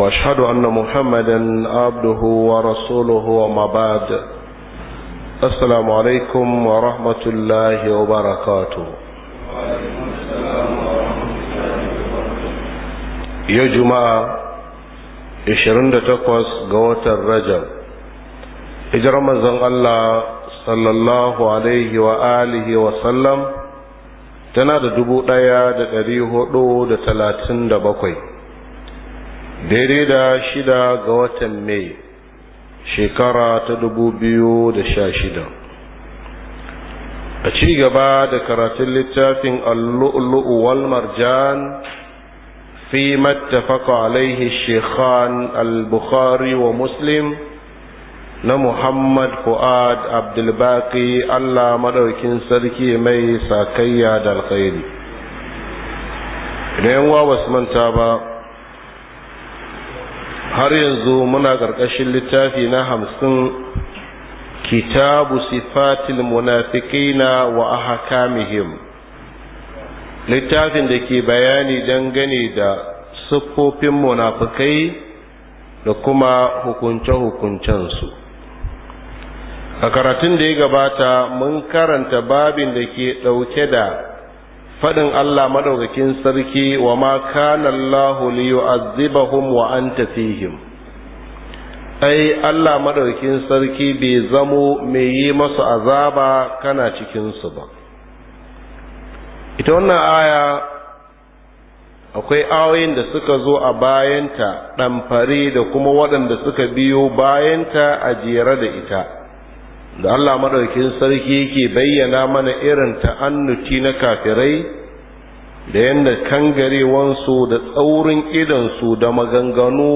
واشهد ان محمدا عبده ورسوله وما بعد السلام عليكم ورحمه الله وبركاته يا جماعه 28 ga watan rajab hijirar manzon Allah sallallahu alaihi wa wa sallam tana da dubu ɗaya da ɗari hudu da talatin da bakwai daidai da shida ga watan mai shekara ta dubu biyu da sha shida a ci gaba da karatun littafin allu'ulu'u wal marjan fi mattafaka alaihi shekhan al-bukhari wa muslim na muhammad fu'ad abdulbaki allah madaukin sarki mai sakayya da alkhairi idan yawa wasu manta ba har yanzu muna ƙarƙashin littafi na hamsin kitabu sifatil munafiqina wa ahkamihim littafin da ke bayani dangane da siffofin munafikai da kuma hukunce-hukuncensu a karatun da ya gabata mun karanta babin da ke ɗauke da faɗin Allah madaukakin sarki wa ma kana Allahu liyu'azzibahum wa anta fihim ai Allah madaukakin sarki bai zamo mai yi masu azaba kana cikin su ba ita wannan aya akwai ayoyin da suka zo a bayanta ɗamfare da kuma waɗanda suka biyo bayanta a jere da ita da Allah madaukin sarki yake bayyana mana irin ta'annuci na kafirai da yadda kangarewansu da tsaurin idansu da maganganu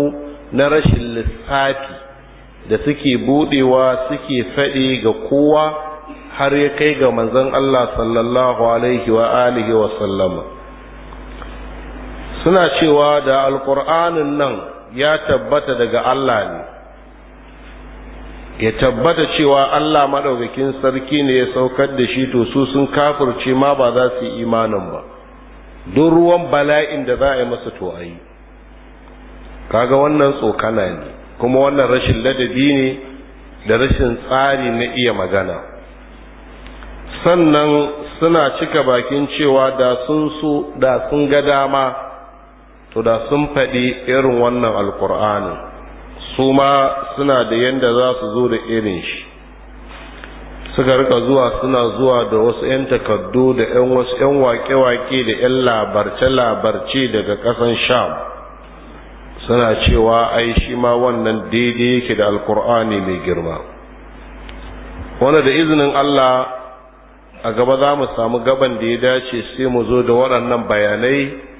na rashin lissafi da suke budewa suke faɗi ga kowa har ya kai ga manzon Allah sallallahu alaihi wa alihi wa sallama suna cewa da alƙur'anin nan ya tabbata daga Allah ne ya tabbata cewa Allah maɗaukakin sarki ne ya saukar da shi to su sun kafirce ma ba za su yi imanin ba duk ruwan bala'in da za a yi masa to ayi. kaga wannan tsokana ne kuma wannan rashin ladabi ne da rashin tsari na iya magana sannan suna cika bakin cewa da sun so da sun ga dama to da sun faɗi irin wannan alkur'anin su ma suna da yadda za su zo da irin shi suka rika zuwa suna zuwa da wasu 'yan takardu da 'yan wasu 'yan wake-wake da 'yan labarce-labarce daga ƙasan sham suna cewa ai shi ma wannan daidai yake da alkur'ani mai girma wanda da izinin allah a gaba za mu samu gaban da ya dace sai mu zo da waɗannan bayanai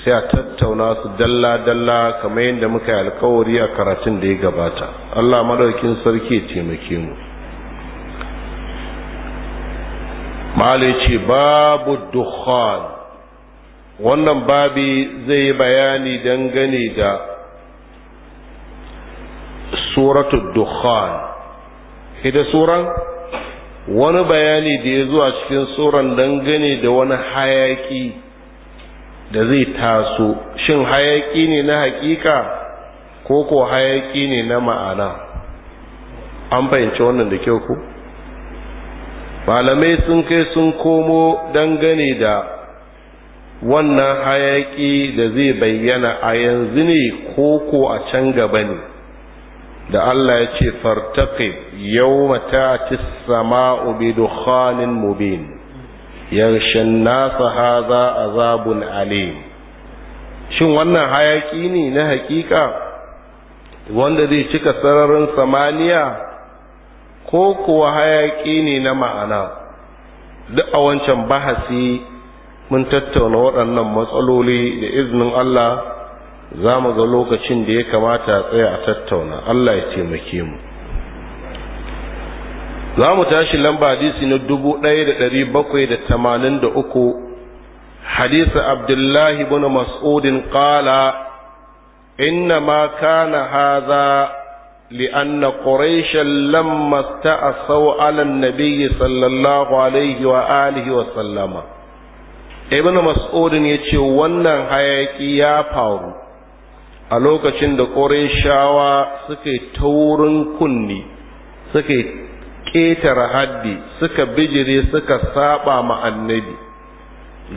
sai a tattauna su dalla-dalla kamar yadda muka yi alkawari a karatun da ya gabata allah maɗaukin sarki taimake mu ce babu dukkan wannan babi zai yi bayani dangane da suratu dukkan hida suran wani bayani da ya zuwa cikin suran dangane da wani hayaki da zai taso shin hayaki ne na hakika ko ko hayaki ne na ma'ana an fahimci wannan da kyau ku malamai sun kai sun komo dangane da wannan hayaki da zai bayyana a yanzu ne ko ko a can gaba ne da Allah ya ce fartaqib yawma ta'ti as-sama'u bi dukhanin mubin yarshen nasa haza azabun alim shin wannan hayaki ne na hakika wanda zai cika sararin samaniya ko kuwa hayaki ne na ma'ana duk a wancan bahasi mun tattauna waɗannan matsaloli da izinin Allah za mu ga lokacin da ya kamata a tsaya a tattauna Allah ya taimake mu za mu tashi lamba hadisi na dubu ɗaya da ɗari bakwai da tamanin da uku hadisi abdullahi bin mas'udin ƙala inna ma kana haza لأن قريشا لما استأسوا sallallahu alaihi صلى alihi wa sallama. Ibn ابن مسعود yace wannan hayaki ya faru a lokacin da Qurayshawa suke taurin kunni suke ƙetare haddi suka bijire suka saba ma annabi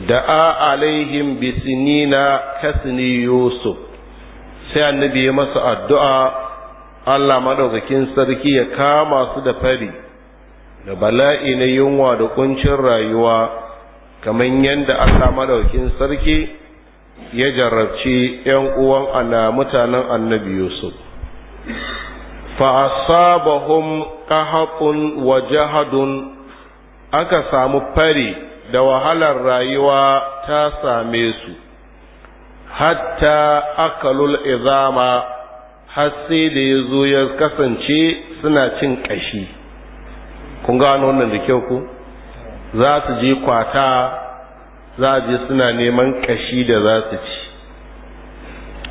da a alaihim bisinina kasni yusuf sai annabi ya masa addu'a allah maɗaukakin sarki ya kama su da fari da bala'i na yunwa da ƙuncin rayuwa kamar yadda allah maɗaukakin sarki ya jarrabci ‘yan uwan ana mutanen annabi yusuf فأصابهم waje وجهد aka samu fari da wahalar rayuwa ta same su hatta akalul izama har sai da ya zo ya kasance suna cin ƙashi kun gano wannan da kyau ku za su je kwata za je suna neman ƙashi da za su ci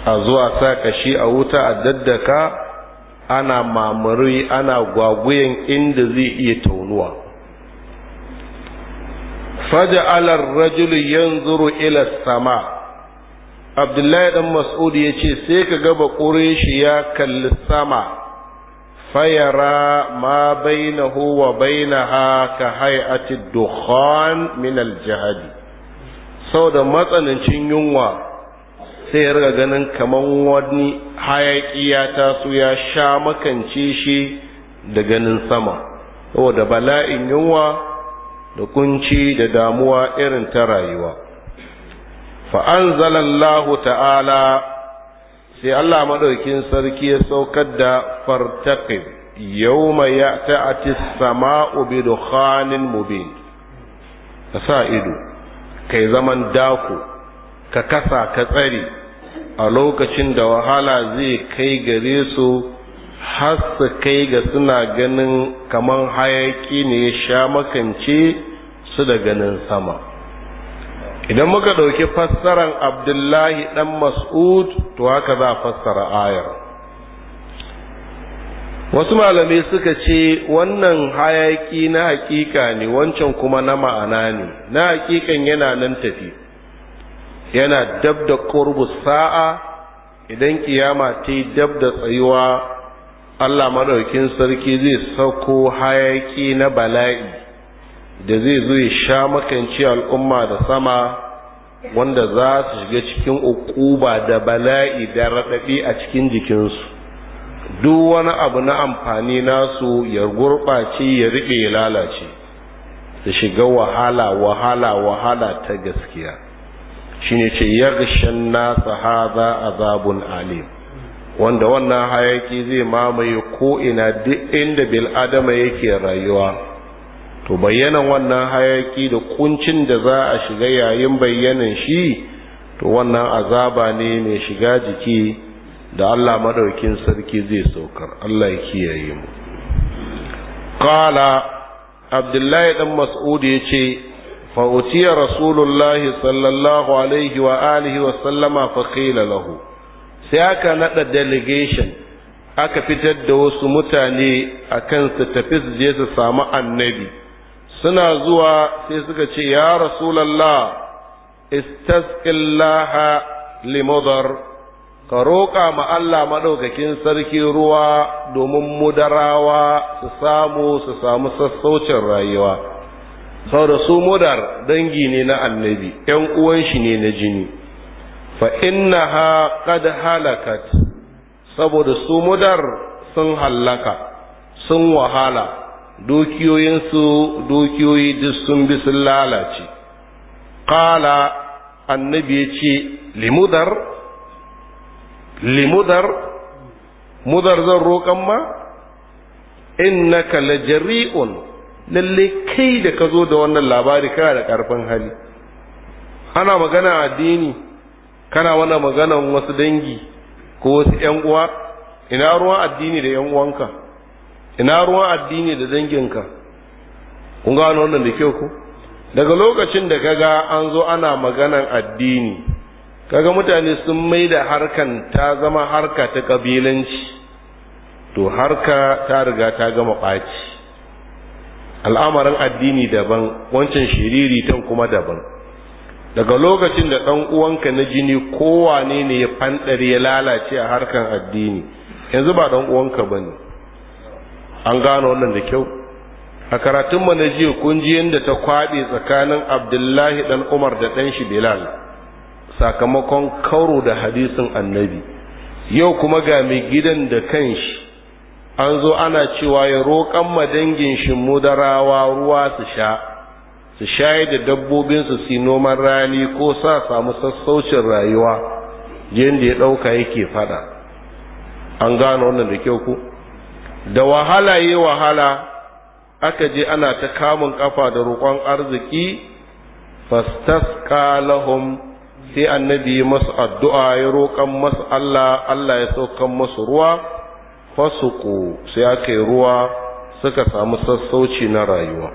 a zuwa sa ƙashi a wuta a daddaka ana mamari ana gwagwayen inda zai iya taunuwa faja'alar rajulu yanzuru ila sama abdullahi dan mas'ud ya ce sai ka gaba shi ya kalli sama fayara ma bainahu wa bainaha ka hay'ati dukhan min Sau da matsanancin yunwa sai ya riga ganin kaman wani hayaki ya taso ya sha makance shi da ganin sama saboda bala'in yunwa da kunci da damuwa irin ta rayuwa fa'anzalallahu ta'ala sai Allah maɗaukin sarki ya saukar da fartaƙi yau mai ya ta'ati sama'u bi dukkanin mubin ka sa ido kai zaman daku. ka kasa ka tsare a lokacin da wahala zai kai gare su har su kai ga suna ganin kaman hayaki ne ya sha makance su da ganin sama idan muka ɗauki fassaran abdullahi ɗan mas'ud to haka za a fassara ayar wasu malamai suka ce wannan hayaki na hakika ne wancan kuma na ma'ana ne na hakikan yana nan tafi yana dab da qurbu sa'a idan ƙiyama ta yi dab da tsayuwa Allah maɗaukin sarki zai sauko hayaki na bala'i da zai zo ya sha makanci al'umma da sama wanda za su shiga cikin ukuba da bala'i da raɗaɓi a cikin jikinsu duk wani abu na amfani nasu ya gurɓace ya riɓe ya lalace su shiga wahala wahala wahala ta gaskiya shine ce yaghshan nasa haza azabun alim wanda wannan hayaki zai mamaye ko ina duk inda bil adama yake rayuwa to bayanan wannan hayaki da kuncin da za a shiga yayin bayyanan shi to wannan azaba ne mai shiga jiki da Allah madaukin sarki zai saukar Allah ya kiyaye mu qala abdullahi dan mas'ud yace فأتي رسول الله صلى الله عليه وآله وسلم فقيل له سيأكا نتا delegation aka fitar da wasu mutane a kan su tafi su je su samu annabi suna zuwa sai suka ce ya rasulallah istasqillaha limudar ka roƙa ma Allah maɗaukakin sarki ruwa domin mudarawa su samu su samu sassaucin rayuwa saboda su mudar dangi ne na annabi yan uwan shi ne na jini fa ha qad halakat saboda su mudar sun hallaka sun wahala dukiyoyinsu dukiyoyi duk sun bi sun lalace qala annabi ya ce limudar limudar mudar zan roƙan ma innaka lajari'un lalle kai da ka zo da wannan labari kana da karfin hali ana magana addini kana wannan maganan wasu dangi ko wasu yan uwa ina ruwan addini da yan uwanka ina ruwan addini da danginka kun gano wannan da kyau ko daga lokacin da kaga an zo ana maganan addini kaga mutane sun mai da harkan ta zama harka ta kabilanci to harka ta riga ta gama ɓaci al'amarin addini daban wancan shiriri tan kuma daban daga lokacin da ɗan uwanka na jini kowane ne ya fanɗare ya lalace a harkan addini yanzu ba ɗan uwanka ba ne an gano wannan da kyau a karatun na jiya kun ji ta kwaɗe tsakanin abdullahi ɗan umar da ɗan shi bilal sakamakon kauro da hadisin annabi yau kuma ga mai gidan da kanshi an zo ana cewa ya roƙan ma shi mudarawa ruwa su sha su yi da dabbobinsu su noman rani ko sa samu sassaucin rayuwa yadda ya ɗauka yake fada an gano wannan da kyau ku da wahala yi wahala aka je ana ta kamun kafa da roƙon arziki fastasqa lahum sai annabi masu addu'a ya roƙan masu Allah Allah ya saukan masu ruwa fasuku sai aka yi ruwa suka samu sassauci na rayuwa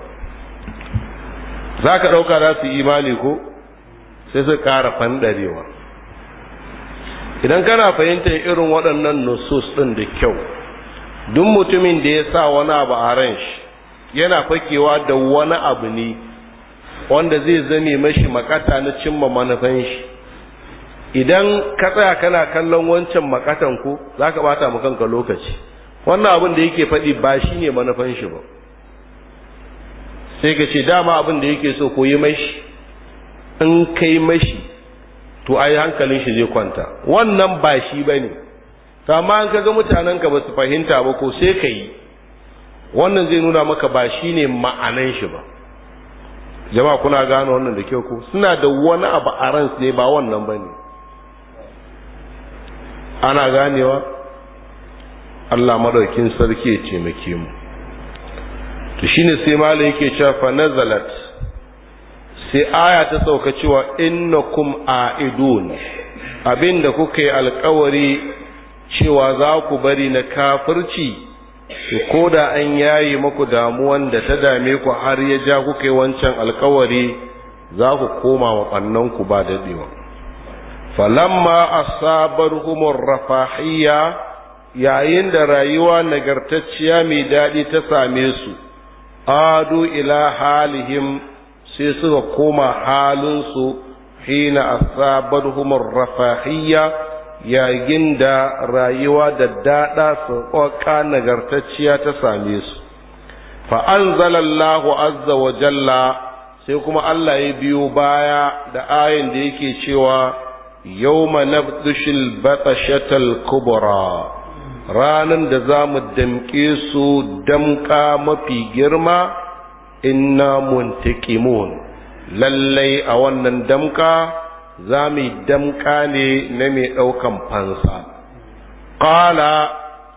za ka ɗauka za su imani ko sai su ƙara fandarewa idan kana fahimtar irin waɗannan nusus ɗin da kyau duk mutumin da ya sa wani abu a ran shi yana fakewa da wani abu ne wanda zai zame mashi makata na cimma manufan shi idan ka tsaya kana kallon wancan makatan ko za ka bata mu kanka lokaci wannan abin da yake faɗi ba shi ne manufan shi ba sai ka ce dama abin da yake so ko yi mashi in kai mashi to ai hankalin shi zai kwanta wannan ba shi ba ne amma an kaga mutanen ka ba su fahimta ba ko sai ka yi wannan zai nuna maka ba shi ne ma'anan shi ba jama'a kuna gane wannan da kyau ko suna da wani abu a ransu ne ba wannan ba ana ganewa Allah madaukin sarki ya taimake mu to shine sai malam yake cewa fa nazalat sai aya ta sauka cewa innakum aidun abinda kuka yi alkawari cewa za ku bari na kafirci ko da an yayi muku damuwan da ta dame ku har ya ja kuka yi wancan alkawari za ku koma wa ku ba daɗewa. falamma asabarhumur rafahiyya yayin da rayuwa nagartacciya mai daɗi ta same su adu ila halihim sai suka koma halinsu hina asabarhumur rafahiyya yayin da rayuwa da daɗa sauƙa nagartacciya ta same su fa'anzalallahu azza wa jalla sai kuma Allah ya biyo baya da ayin da yake cewa yawma batsa batashatal kubra ranan da zamu damke su damka mafi girma inna muntakimun lallai a wannan damka zamu damka ne na mai daukan fansa qala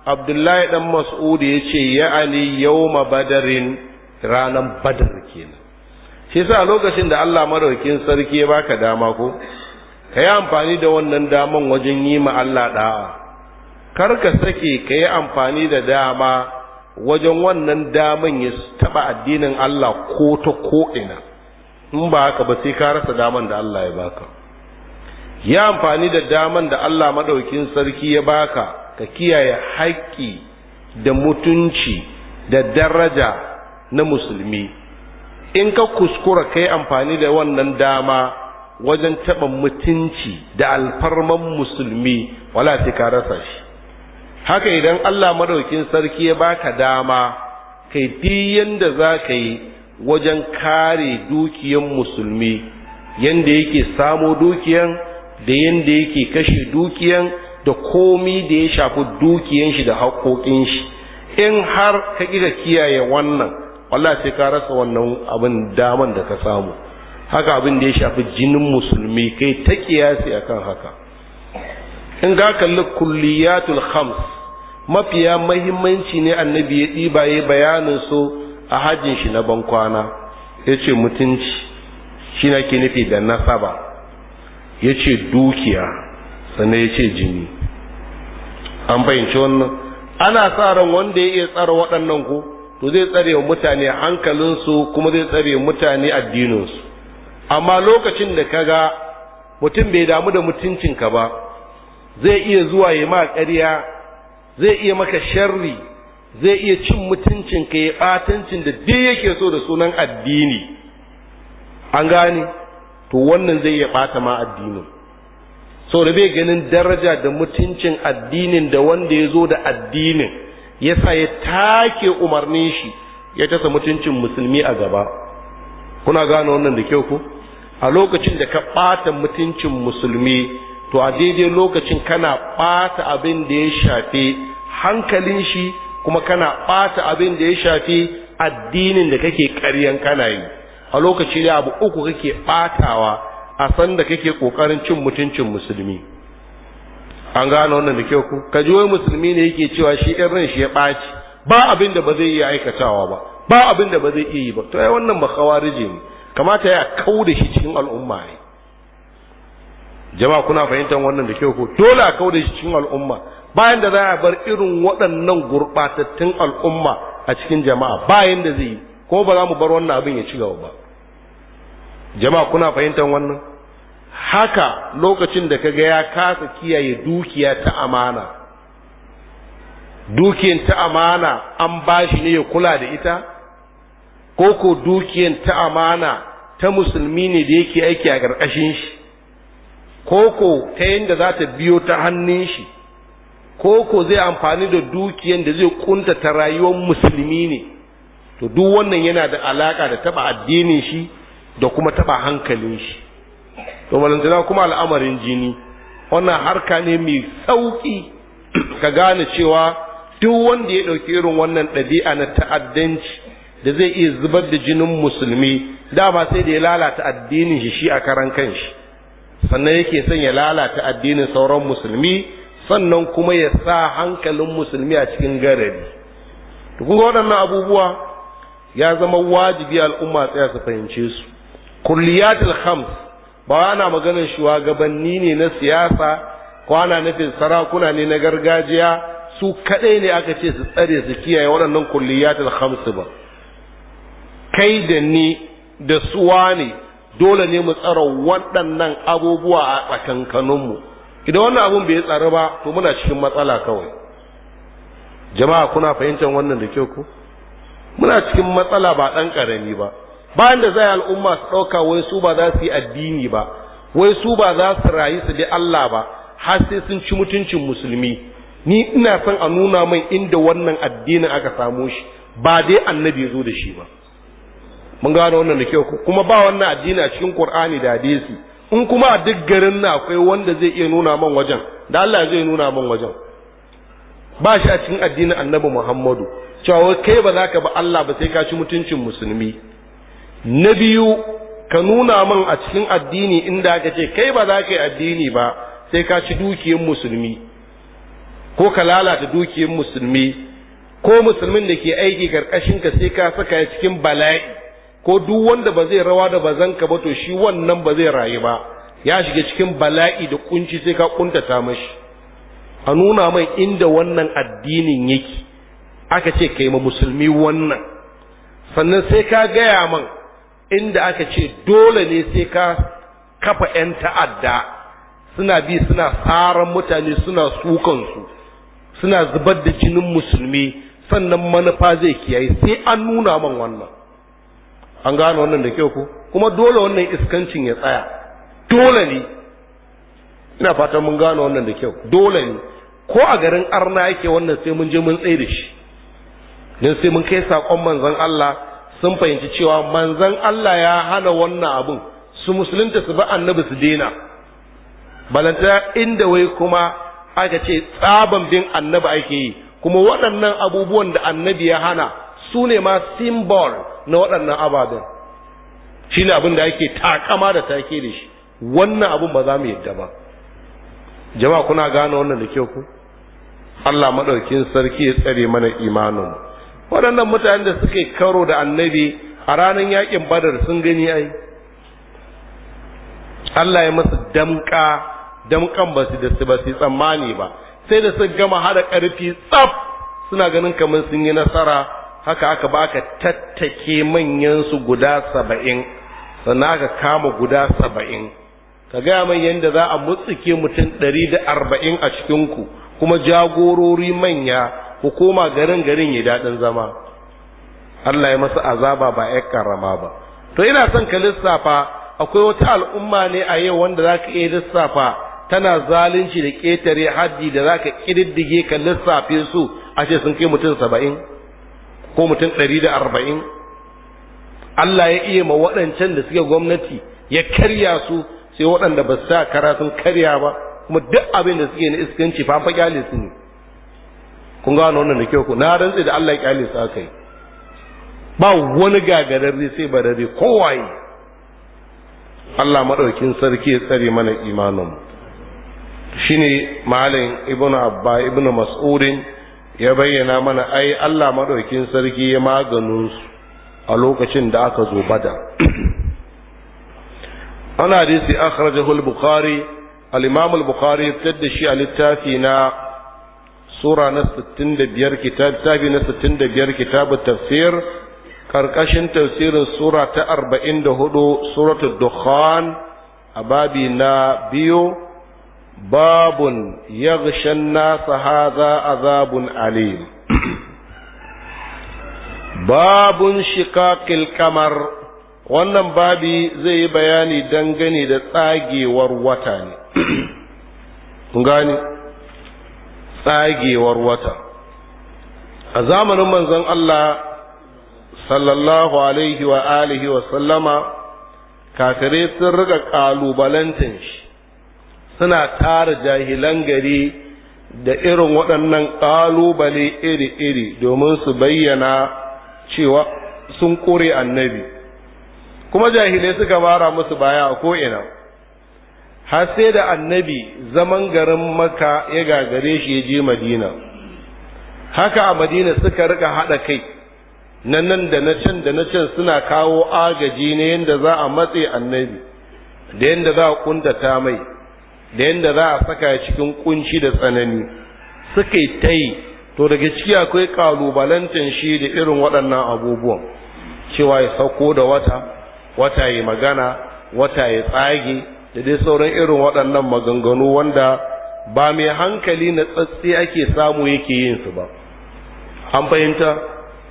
abdullahi dan mas'ud yace ya ali yawma badarin ranan badar kenan shi sa lokacin da Allah madaukin sarki ya baka dama ko ka yi amfani da wannan daman wajen yi ma Allah da'a kar ka sake ka yi amfani da dama wajen wannan daman ya taba addinin Allah ko ta ko'ina in ba haka ba sai ka rasa daman da Allah ya baka yi amfani da daman da Allah maɗaukin sarki ya baka ka kiyaye haƙƙi da mutunci da daraja na musulmi in ka kuskura ka yi amfani da wannan dama wajen taɓa mutunci da alfarman musulmi wala sai ka rasa shi haka idan Allah madaukin sarki ya baka dama kai duk yanda za ka yi wajen kare dukiyan musulmi yanda yake samo dukiyan da yanda yake kashe dukiyan da komi da ya shafi dukiyan shi da haƙoƙin shi in har ka ƙi ka kiyaye wannan wallahi sai ka rasa wannan abin daman da ka samu haka abin da ya shafi jinin musulmi kai ta kiyasi akan haka in ga kalli kulliyatul khams mafiya mahimmanci ne annabi ya ɗiba ya bayanin su a hajjin shi na bankwana ya ce mutunci shi na ke nufi da nasaba ya ce dukiya sannan ya ce jini an fahimci wannan ana sa ran wanda ya iya tsara waɗannan ko to zai tsare wa mutane hankalinsu kuma zai tsare mutane addininsu amma lokacin da ka ga mutum bai damu da mutuncinka ba zai iya zuwa ya ma ƙarya zai iya maka sharri zai iya cin mutuncinka ya ɓatancin da duk yake so da sunan addini an gane to wannan zai iya ɓata ma addinin so da bai ganin daraja da mutuncin addinin da wanda ya zo da addinin ya sa ya take umarnin shi ya tasa mutuncin musulmi a gaba kuna gane wannan da kyau ko a lokacin da ka ɓata mutuncin musulmi to a daidai lokacin kana ɓata abin da ya shafi hankalin shi kuma kana ɓata abin da ya shafi addinin da kake ƙaryan kana yi a lokaci da abu uku kake ɓatawa a san da kake ƙoƙarin cin mutuncin musulmi an gane wannan da kyau ku ka ji wai musulmi ne yake cewa shi ɗan ran shi ya ɓaci ba abin da ba zai iya aikatawa ba ba abin da ba zai iya yi ba to ai wannan ba khawarije ne kamata ya kau da shi cikin al'umma ne jama'a kuna fahimtar wannan da kyau ko dole a kau da shi cikin al'umma bayan da za a bar irin waɗannan gurɓatattun al'umma a cikin jama'a bayan da zai yi ko ba za mu bar wannan abin ya ci gaba ba jama'a kuna fahimtar wannan haka lokacin da ka ga ya kasa kiyaye dukiya ta amana dukiyan ta amana an bashi ne ya kula da ita ko ko dukiyan ta amana ta musulmi ne da yake aiki a ƙarƙashin shi ko ko ta yadda za ta biyo ta hannun shi ko ko zai amfani da dukiyan da zai kunta ta rayuwar musulmi ne to duk wannan yana da alaƙa da taba addinin shi da kuma taba hankalin shi to balantana kuma al'amarin jini wannan harka ne mai sauƙi ka gane cewa duk wanda ya ɗauki irin wannan ɗabi'a na ta'addanci da zai iya zubar da jinin musulmi dama sai da ya lalata addinin shi shi a karan kanshi sannan yake son ya lalata addinin sauran musulmi sannan kuma ya sa hankalin musulmi a cikin garari to waɗannan abubuwa ya zama wajibi al'umma tsaya su fahimce su kulliyatul khams ba ana maganar shugabanni ne na siyasa ko ana nufin sarakuna ne na gargajiya su kaɗai ne aka ce su tsare su kiyaye waɗannan kulliyatul khams ba kai da ni da suwa ne dole ne mu tsara waɗannan abubuwa a tsakankaninmu idan wannan abun bai tsara ba to muna cikin matsala kawai jama'a kuna fahimtar wannan da kyau ko muna cikin matsala ba ɗan ƙarami ba bayan da zai al'umma su ɗauka wai su ba za su yi addini ba wai su ba za su rayu su bi Allah ba har sai sun ci mutuncin musulmi ni ina son a nuna mai inda wannan addinin aka samu shi ba dai annabi zo da shi ba mun gano wannan da kyau kuma ba wannan addini a cikin qur'ani da hadisi in kuma a duk garin na akwai wanda zai iya nuna man wajen da Allah zai nuna man wajen ba shi a cikin addinin annabi muhammadu cewa kai ba za ka ba Allah ba sai ka ci mutuncin musulmi na biyu ka nuna man a cikin addini inda aka ce kai ba za ka yi addini ba sai ka ci dukiyar musulmi ko ka lalata dukiyar musulmi ko musulmin da ke aiki karkashin ka sai ka saka cikin bala'i ko duk wanda ba zai rawa da bazanka ba to shi wannan ba zai rayu ba ya shiga cikin bala'i da kunci sai ka kuntata mashi a nuna mai inda wannan addinin yake aka ce kai ma musulmi wannan sannan sai ka gaya man inda aka ce dole ne sai ka kafa 'yan ta'adda suna bi suna tsaron mutane suna sukansu suna zubar da jinin musulmi sannan manufa zai kiyaye sai an nuna man wannan an gano wannan da kyau ko kuma dole wannan iskancin ya tsaya dole ne ina fatan mun gano wannan da kyau dole ne ko a garin arna yake wannan sai mun je mun tsaye da shi don sai mun kai saƙon manzon Allah sun fahimci cewa manzon Allah ya hana wannan abun su musulunta su ba annabi su daina balanta inda wai kuma aka ce tsaban bin annabi ake yi kuma waɗannan abubuwan da annabi ya hana su ne ma symbol na waɗannan ababen shi ne abin da ake takama da take da shi wannan abin ba za mu yadda ba jama'a kuna gane wannan da kyau ku Allah maɗaukin sarki ya tsare mana imanin waɗannan mutanen da suka yi karo da annabi a ranar yakin badar sun gani ai Allah ya masu damka damkan ba su da su ba su tsammani ba sai da sun gama hada ƙarfi tsaf suna ganin kamar sun yi nasara haka aka ba aka tattake manyansu guda saba'in sannan aka kama guda saba'in ka gaya man yadda za a mutsike mutum ɗari da arba'in a cikinku kuma jagorori manya ku koma garin garin ya daɗin zama Allah ya masa azaba ba ya karama ba to ina son ka lissafa akwai wata al'umma ne a yau wanda za ka iya lissafa tana zalunci da ƙetare haddi da za ka ƙididdige ka lissafe su a ce sun kai mutum saba'in ko mutum ɗari da arba'in Allah ya iya ma waɗancan da suke gwamnati ya karya su sai waɗanda ba sa kara sun karya ba kuma duk abin da suke na iskanci fa fa kyale su ne kun gano wannan da kyau ku na rantsi da Allah ya kyale su aka yi ba wani gagararre sai barare kowaye Allah maɗaukin sarki ya tsare mana imanin shine malam Ibn abba ibnu mas'udin ya bayyana mana ai Allah madaukin sarki ya maganin su a lokacin da aka zo bada ana hadisi akhrajahu al-bukhari al-imam al-bukhari tadda shi a littafi na sura na 65 kitab tabi na 65 kitab tafsir karkashin tafsirin sura ta 44 suratul dukhan a babi na biyu babun yaghshan nasa hadha azabun alim babun shiqaqil kamar wannan babi zai yi bayani dangane da tsagewar wata ne gani tsagewar wata a zamanin manzon Allah sallallahu alaihi wa alihi wa sallama kafirai sun riga kalubalantin shi suna tara jahilan gari da irin waɗannan ƙalubale iri-iri domin su bayyana cewa sun ƙure annabi kuma jahilai suka bara musu baya a ko'ina har sai da annabi zaman garin maka ya gagare shi ya je madina haka a madina suka rika haɗa kai na nan da na can da na can suna kawo agaji na yadda za a matse annabi da yadda za a kuntata mai da yadda za a saka cikin kunci da tsanani suka yi ta yi to daga ciki akwai kalubalantan shi da irin waɗannan abubuwan cewa ya sauko da wata wata ya magana wata ya tsage da dai sauran irin waɗannan maganganu wanda ba mai hankali na tsatsi ake samu yake yin su ba an fahimta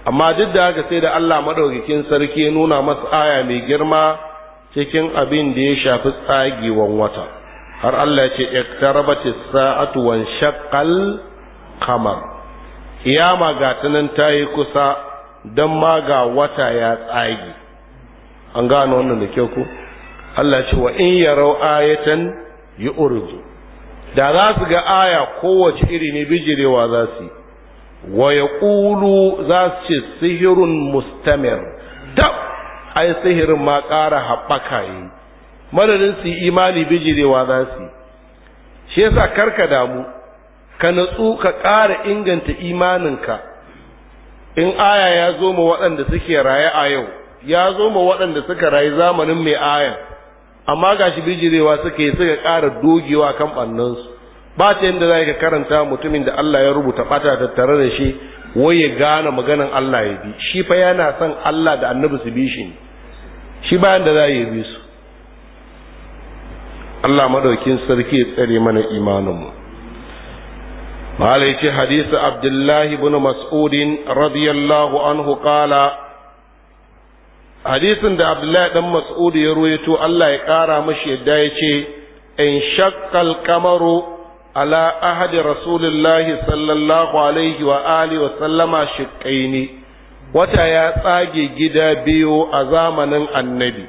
amma duk da haka sai da Allah maɗaukakin sarki ya nuna masu aya mai girma cikin abin da ya shafi tsagewan wata har Allah ce iqtarabat as-sa'atu wan shaqqal qamar kiyama ga tunan tayi kusa dan ma ga wata ya tsagi an gano wannan da kyau ko Allah ce wa in yaraw ayatan yu'ridu da za su ga aya kowace iri ne bijirewa za su wa yaqulu za su ce sihirun mustamir tab ai sihirin ma ƙara haɓaka yi madadin su yi imani bijirewa za su shi yasa karka damu ka natsu ka ƙara inganta imaninka in aya ya zo ma waɗanda suke raye a yau ya zo ma waɗanda suka rayu zamanin mai aya amma gashi bijirewa suka yi suka ƙara dogewa kan ɓannansu ba ta yadda za ka karanta mutumin da Allah ya rubuta ɓata tattare da shi wai ya gane maganan Allah ya bi shi fa yana son Allah da annabi su bi shi ne shi bayan da za yi bi su Allah madaukin sarki ya tsare mana imaninmu malai ce hadisi abdullahi bin mas'udin radiyallahu anhu kala, hadisin da abdullahi dan mas'ud ya ruwaito Allah ya ƙara mashi yadda ya ce in shakkal kamaru ala ahadi rasulillahi sallallahu alaihi wa alihi wa sallama shiqqaini wata ya tsage gida biyu a zamanin annabi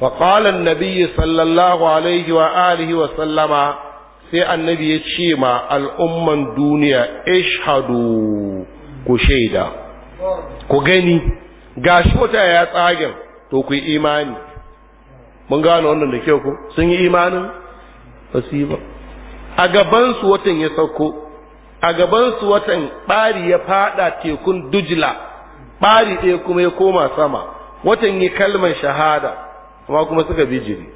فقال النبي صلى الله عليه وآله وسلم sai annabi ya ce ma al'umman duniya ishadu ku shaida ku gani gashi wata ya tsagen to ku yi imani mun gano wannan da kyau ku sun yi imanin fasiba a gabansu watan ya sauko a gabansu watan ɓari ya faɗa tekun dujila ɓari ɗaya kuma ya koma sama watan yi kalmar shahada amma kuma suka bi jiri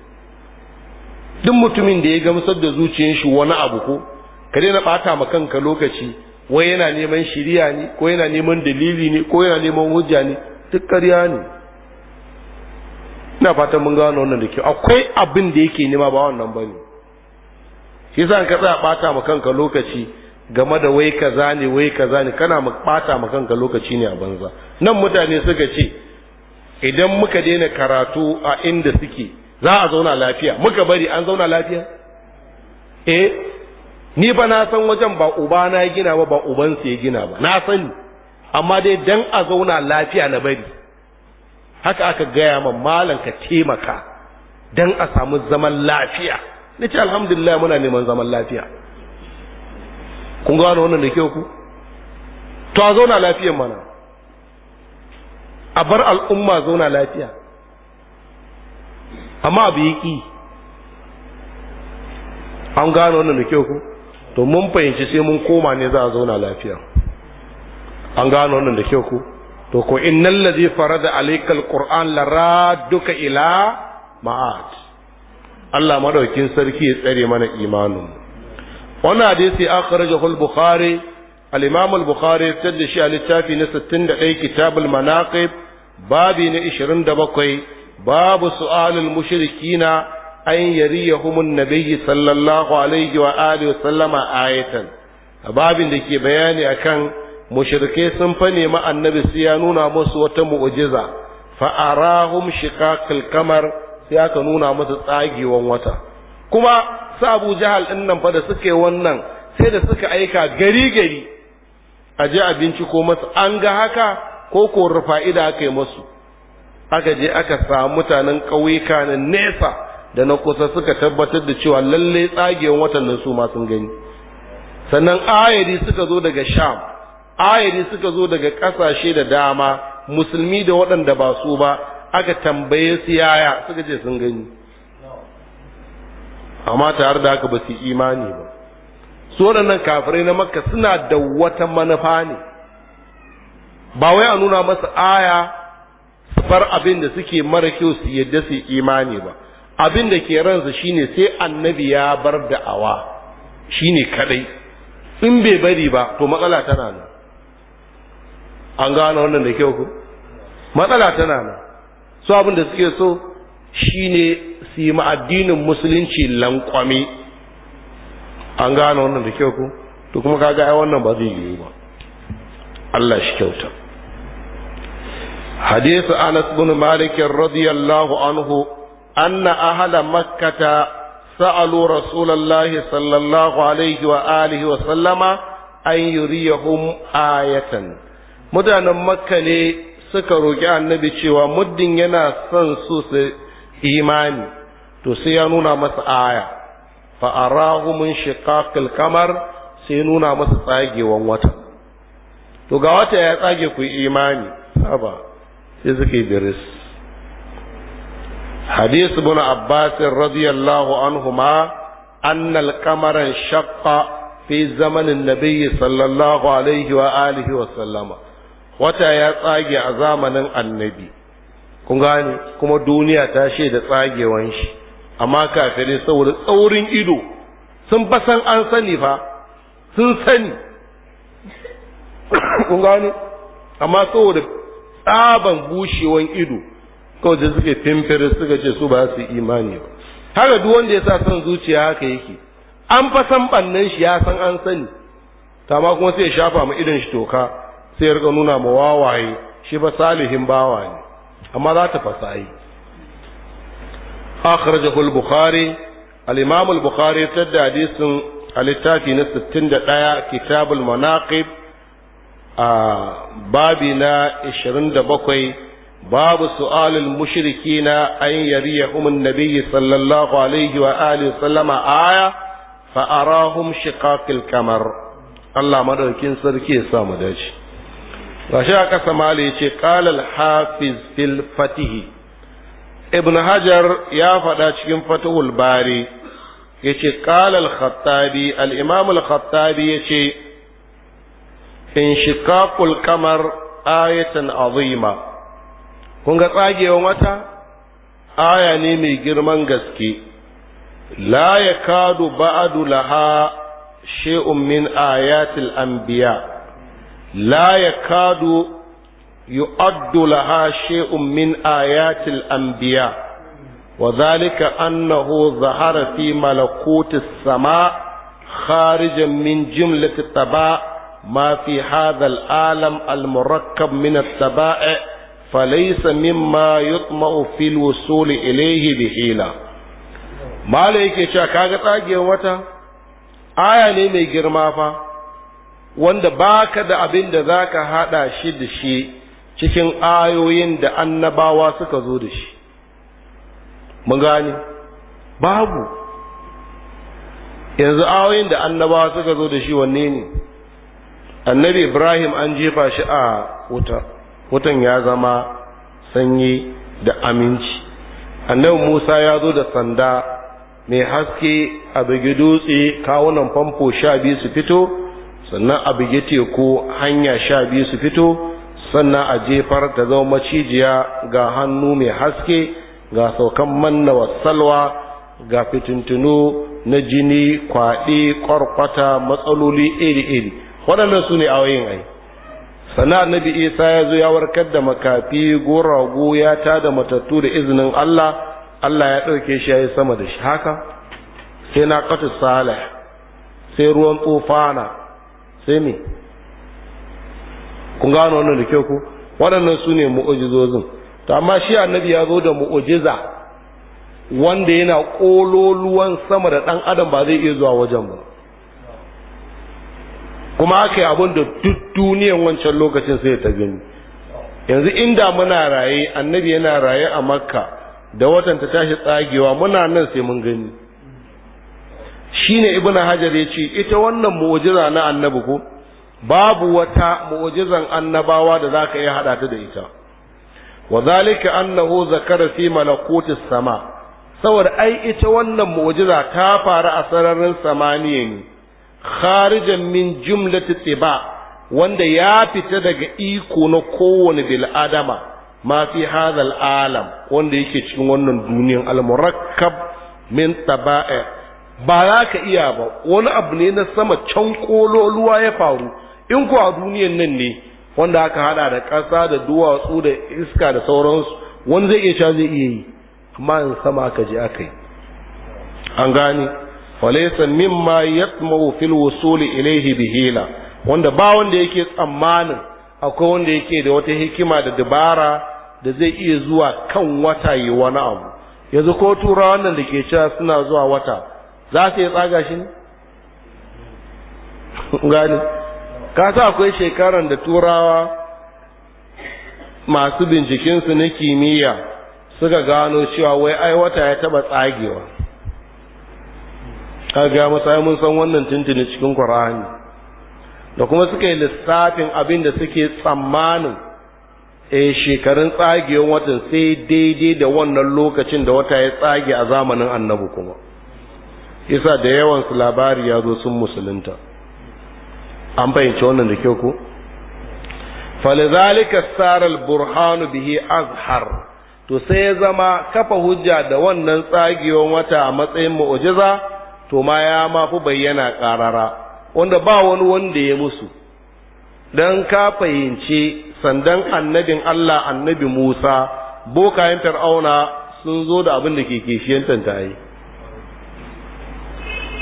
duk mutumin da ya gamsar da zuciyar shi wani abu ko ka daina bata ma kanka lokaci wai yana neman shiriya ne ko yana neman dalili ne ko yana neman hujja ne duk ƙarya ne ina fatan mun gano wannan da kyau akwai abin da yake nema ba wannan bane shi yasa ka tsaya bata ma kanka lokaci game da wai kaza ne wai kaza ne kana bata ma kanka lokaci ne a banza nan mutane suka ce idan muka daina karatu a inda suke za a zauna lafiya muka bari an zauna lafiya eh ni ba na san wajen ba uba na gina ba ba ubansa ya gina ba na sani amma dai dan a zauna lafiya na bari haka aka gaya ma malam ka taimaka dan a samu zaman lafiya nace alhamdulillah muna neman zaman lafiya kun gano wannan da kyau ku to a zauna lafiyan mana a bar al'umma zauna lafiya amma abu yi ƙi an gano wannan da kyau ku to mun fahimci sai mun koma ne za a zauna lafiya an gano wannan da kyau ku to ko fara da farada alayka lara duka ila ma'ad Allah madaukin sarki ya tsare mana imanin wannan hadisi akhrajahu al-bukhari al-imam al-bukhari ya da shi a littafi na 61 kitabul manaqib babi na bakwai babu su'alul mushrikina an yariyahumun nabiyyi sallallahu alaihi wa alihi sallama ayatan a babin da ke bayani akan mushrikai sun fa nemi annabi sai ya nuna musu wata mu'jiza fa arahum shiqaqal kamar sai aka nuna musu tsagewan wata kuma sa Abu Jahal din nan fa da suka wannan sai da suka aika gari gari a ji abinci ko masa an ga haka ko ko fa'ida aka yi masu aka je aka samu mutanen ƙauyuka na nesa da na kusa suka tabbatar da cewa lallai tsagewan watan nan su ma sun gani sannan ayari suka zo daga sham ayari suka zo daga ƙasashe da dama musulmi da waɗanda ba su ba aka tambaye su yaya suka ce sun gani amma tare da haka ba su imani ba su waɗannan kafirai na makka suna da wata manufa ne ba wai a nuna masa aya su bar abin da suke mara kyau su yadda su imani ba abin da ke ransa shine sai annabi ya bar da'awa shine kadai in bai bari ba to matsala tana nan an gano wannan da kyau ku matsala tana nan su abin da suke so shine su yi ma'addinin musulunci lankwame an gano wannan da kyau ku to kuma kaga ai wannan ba zai yiwu ba Allah shi kyauta حديث أنس بن مالك رضي الله عنه أن أهل مكة سألوا رسول الله صلى الله عليه وآله وسلم أن يريهم آية مدن مكة ne suka roƙi annabi cewa muddin yana son su imani to sai ya nuna masa aya fa'arahu mun shiqaqil kamar sai nuna masa tsagewan wata to ga wata ya tsage ku imani saba sai suka yi biris hadis ibn abbas radiyallahu anhuma anna al-qamara shaqqa fi zamanin nabiyyi sallallahu alaihi wa alihi wa sallama wata ya tsage a zamanin annabi kun gane kuma duniya ta shaida tsagewan shi amma kafirai saboda tsaurin ido sun basan an sani fa sun sani kun gane amma saboda tsaban bushewan ido kawai da suke fimfir suka ce su ba su imani ba haka duk wanda ya sa son zuciya haka yake an fa san bannan shi ya san an sani tama kuma sai ya shafa ma idan shi toka sai ya rika nuna ma wawaye shi ba salihin bawa ne amma za ta fasayi akhrajahu al-bukhari al-imam al-bukhari tadda hadisin al-littafi na 61 kitabul manaqib a babi na 27 babu su'alul mushrikina an yariyahum an-nabiy sallallahu alaihi wa alihi sallama aya fa arahum shiqaqil kamar Allah madaukin sarki ya sa mu dace gashi a kasa mali ya ce al-hafiz fil fatih ibn hajar ya faɗa cikin fatihul bari ya ce al-khattabi al-imam al-khattabi yace inshiqaqul qamar ayatan azima kun ga tsagewan wata aya ne mai girman gaske la yakadu ba'du laha shay'un min ayatil anbiya la yakadu يؤد لها شيء من آيات الأنبياء وذلك أنه ظهر في ملكوت السماء خارجا من جملة التباع ما في هذا العالم المركب من الطبائع فليس مما يطمع في الوصول إليه بحيلة ما لك شاكا تاجي وتا آية نمي جرمافا wanda baka da abin da za ka haɗa shi da shi cikin ayoyin da annabawa suka zo da shi mun gane babu yanzu ayoyin da annabawa suka zo da shi wanne ne annabi ibrahim an jefa shi a wuta wutan ya zama sanyi da aminci annabi musa ya zo da sanda mai haske a bugi dutse kawunan famfo sha biyu su fito sannan a bugi teku hanya sha biyu su fito sannan a jefar ta zama macijiya ga hannu mai haske ga saukan manna wasalwa ga fitintunu na jini kwaɗe ƙwarƙwata matsaloli iri-iri waɗannan su ne a wayin ai sannan annabi isa ya zo ya warkar da makafi gorago ya da matattu da izinin allah allah ya ɗauke shi ya yi sama da shi haka sai na katu salih sai ruwan tsofana sai me kun gano wannan da kyau ku waɗannan su ne mu'ujizozin to amma shi annabi ya zo da mu'ujiza wanda yana ƙololuwan sama da ɗan adam ba zai iya zuwa wajen ba kuma aka yi abin da duk duniyar wancan lokacin sai ta gani yanzu inda muna raye annabi yana raye a makka da watan ta tashi tsagewa muna nan sai mun gani shine ibnu hajar ya ce ita wannan mu'jiza na annabi ko babu wata mu'jizan annabawa da zaka iya haɗa ta da ita wa zalika annahu zakara fi malakuti sama saboda ai ita wannan mu'jiza ta faru a sararin samaniya ne kharijan min jumlati tsiba wanda ya fita daga iko na kowane bil'adama ma fi hadhal alam wanda yake cikin wannan duniyan al-murakkab min tabae ba za ka iya ba wani abu ne na sama can kololuwa ya faru in ko a duniyan nan ne wanda aka hada da ƙasa da duwatsu da iska da sauransu wani zai iya sha zai iya yi amma in sama aka je aka yi an gane walaysa mimma yatma'u fil wusuli ilayhi bihila wanda ba wanda yake tsammanin akwai wanda yake da wata hikima da dabara da zai iya zuwa kan wata yi wani abu yanzu ko tura wannan da ke cewa suna zuwa wata za su yi tsaga shi gani ka sa akwai shekaran da turawa masu bincikinsu na kimiyya suka gano cewa wai ai wata ya taba tsagewa kaga matsayin mun san wannan tuntuni cikin qur'ani da kuma suka yi lissafin abin da suke tsammanin e shekarun tsagewar watan sai daidai da wannan lokacin da wata ya tsage a zamanin annabi kuma isa da yawan su labari ya zo sun musulunta an bayyance wannan da kyau ko falizalika saral burhanu bihi azhar to sai ya zama kafa hujja da wannan tsagewar wata a matsayin mu'jiza to ma ya ma fi bayyana ƙarara wanda ba wani wanda ya musu don ka fahimci sandan annabin Allah annabi Musa bokayen fir'auna sun zo da abin da ke kishiyantar ta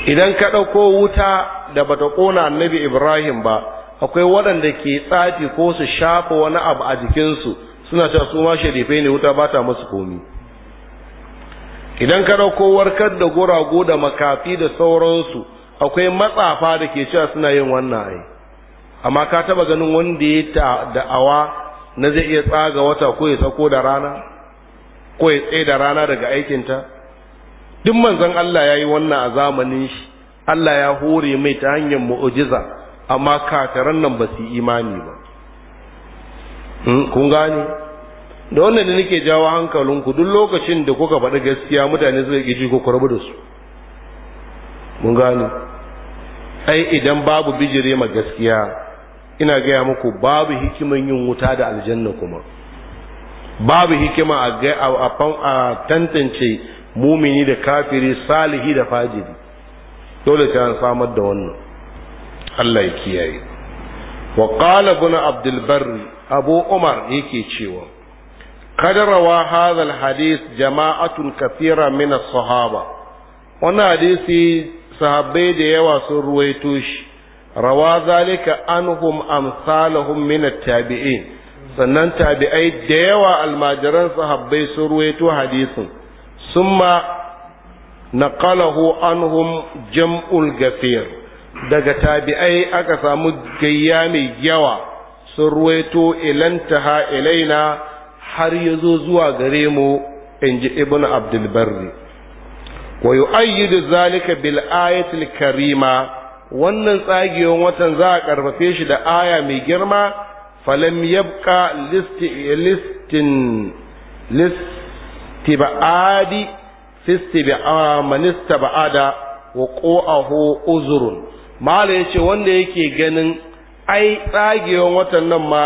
idan ka ɗauko wuta da bata ƙona annabi Ibrahim ba akwai waɗanda ke tsafi ko su shafa wani abu a jikinsu suna cewa su ma sharifai ne wuta ba ta musu komi idan ka ɗauko warkar da gurago da makafi da sauransu akwai matsafa da ke cewa suna yin wannan ai amma ka taba ganin wanda ya ta da'awa na zai iya tsaga wata ko ya sako da rana ko ya tsaye da rana daga aikinta duk manzon Allah ya yi wannan a zamanin shi Allah ya hore mai ta hanyar mu'ujiza amma kataran nan ba su imani ba hmm, kun gane da wannan da nake jawo hankalin ku duk lokacin da kuka faɗi gaskiya mutane zai gaji ko ku rabu da su mun gane ai idan babu bijire ma gaskiya ina gaya muku babu hikiman yin wuta da aljanna kuma babu hikima a tantance mumini da kafiri salihi da fajiri dole ta samar da wannan Allah ya kiyaye wa qala ibn abdul barri abu umar yake cewa قد روى هذا الحديث جماعة كثيرة من الصحابة وانا حديثي صحابي ruwaito shi روى ذلك عنهم أمثالهم من التابعين sannan tabi'ai da yawa almajiran sahabai sun ruwaito hadisin summa naqalahu anhum jam'ul gafir daga tabi'ai aka samu gayya mai yawa sun ruwaito ilantaha ilaina har ya zo zuwa gare mu in ji ibn abdulbarri wa yu'ayyidu zalika bil ayatil karima wannan tsagewan watan za a karfafe shi da aya mai girma falam yabqa listin listibaadi fistiba'a manista ba'ada wa qo'ahu uzrun mala yace wanda yake ganin ai tsagewan watan nan ma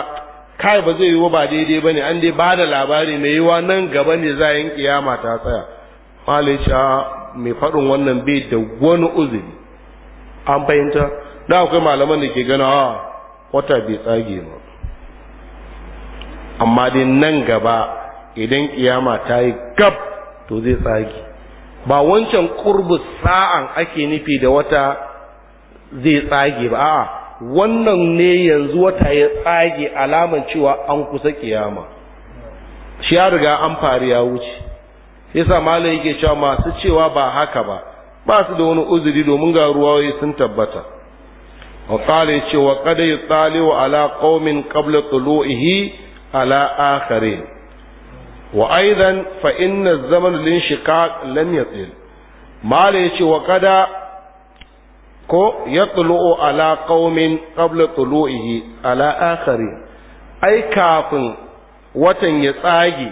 kai ba zai yi ba daidai ba ne an dai ba da labari mai yiwa nan gaba ne za yin kiyama ta tsaya malisha ah, mai faɗin wannan bai da wani uzuri an fahimta da akwai malaman da ke gana a ah, wata bai tsage ba amma dai nan gaba idan kiyama ta yi gab to zai tsage ba wancan kurbu sa'an ake nufi da wata zai tsage ba a'a wannan ne yanzu wata ya tsage alaman cewa an kusa kiyama shi ya riga an fari ya wuce yasa malam yake cewa masu cewa ba haka ba ba su da wani uzuri domin ga ruwaye sun tabbata wa qala yace wa qad wa ala qaumin qabla tulu'ihi ala akharin wa aidan fa inna zaman linshiqaq lam yatil malam yace wa qada ko ya tsulo'o ala ƙaumin ƙabla tsulo'ihi ala akari ai kafin watan ya tsage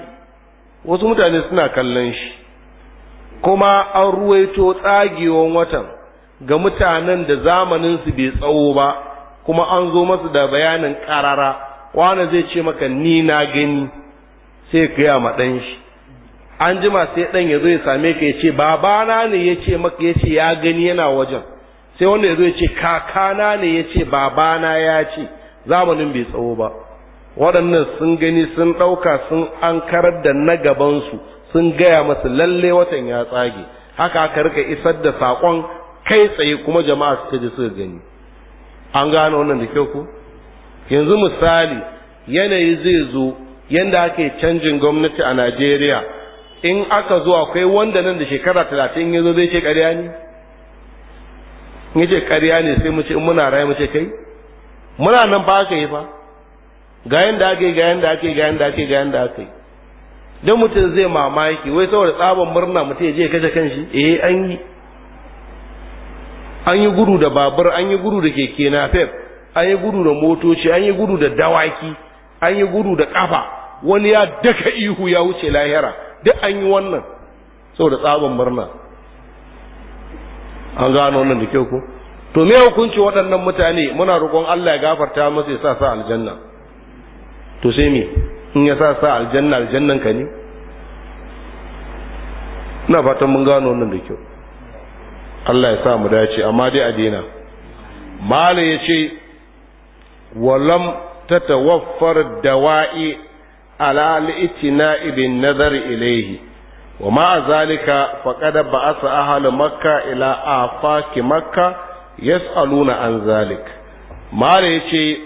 wasu mutane suna kallon shi kuma an ruwaito tsagewan watan ga mutanen da zamaninsu bai tsawo ba kuma an zo masu da bayanin ƙarara wani zai ce maka ni na gani sai ka ma shi an jima sai ɗan ya zo ya same ka ya ce babana ne ya maka ya ce ya gani yana wajen sai wanda ya zo ya ce kakana ne ya ce babana ya ce zamanin bai tsawo ba waɗannan sun gani sun ɗauka sun an karar da na gabansu sun gaya masu lalle watan ya tsage haka aka rika isar da saƙon kai tsaye kuma jama'a suka ji suka gani an gane wannan da kyau ko yanzu misali yanayi zai zo yadda ake canjin gwamnati a najeriya in aka zo akwai wanda nan da shekara talatin ya zo zai ce ƙarya ne in yace ƙarya ne sai mu ce in muna raye mu ce kai muna nan ba ka yi fa ga yanda ake ga yanda ake ga yanda ake ga yanda ake dan mutum zai mamaki wai saboda tsaban murna mutum ya je ka kashe kanshi eh an yi an yi gudu da babur an yi gudu da keke na fef an yi gudu da motoci an yi gudu da dawaki an yi gudu da kafa wani ya daka ihu ya wuce lahira duk an yi wannan saboda tsaban murna an gano wannan da kyau ko to me hukunci waɗannan mutane muna roƙon Allah ya gafarta masa ya sa sa aljanna to sai me in ya sa sa aljanna aljannan ka ne ina fatan mun gano wannan da kyau Allah ya sa mu dace amma dai a daina mala ya ce walam tatawaffar dawa'i ala al-itina'i bin nazar ilayhi wa ma'a zalika faqad ba'atha ahlu makka ila afaki makka yas'aluna an zalik mala yace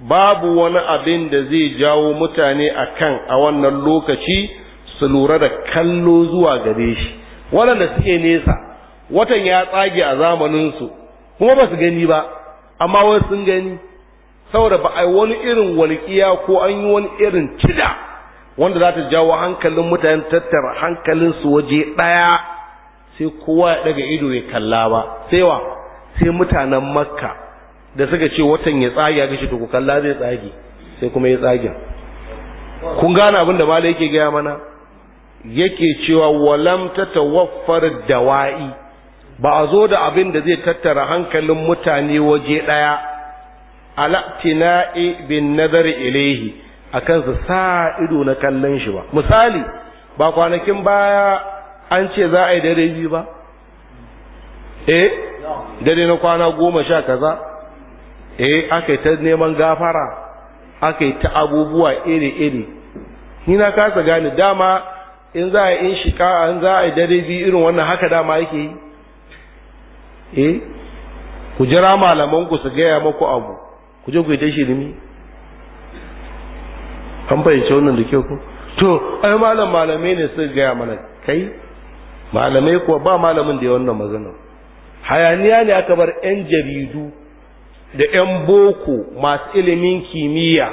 babu wani abin da zai jawo mutane a kan a wannan lokaci su lura da kallo zuwa gare shi waɗanda suke nesa watan ya tsage a zamaninsu kuma ba su gani ba amma wani sun gani saboda ba a wani irin walƙiya ko an yi wani irin cida wanda za ta jawo hankalin mutane tattara hankalinsu waje ɗaya sai kowa ya daga ido ya kalla ba sai sai mutanen makka da suka ce watan ya tsage a gashi to ku kalla zai tsage sai kuma ya tsage kun gane abin da mala yake gaya mana yake cewa walam tawaffar dawa'i ba a zo da abin da zai tattara hankalin mutane waje ɗaya ala tina'i bin nazari ilaihi akan su sa ido na kallon shi ba misali ba kwanakin baya an ce za a yi dare biyu ba eh dare na kwana goma sha kaza eh aka yi ta neman gafara aka yi ta abubuwa iri-iri ni na kasa gane dama in za a yi shika an za a yi dare biyu irin wannan haka dama yake yi eh ku jira malaman su gaya maku abu ku je ku yi ta shirmi an fahimci wannan da kyau ko to ai malam malamai ne su gaya mana kai malamai kuwa ba malamin da ya wannan magana hayaniya ne aka bar yan jaridu da yan boko masu ilimin kimiyya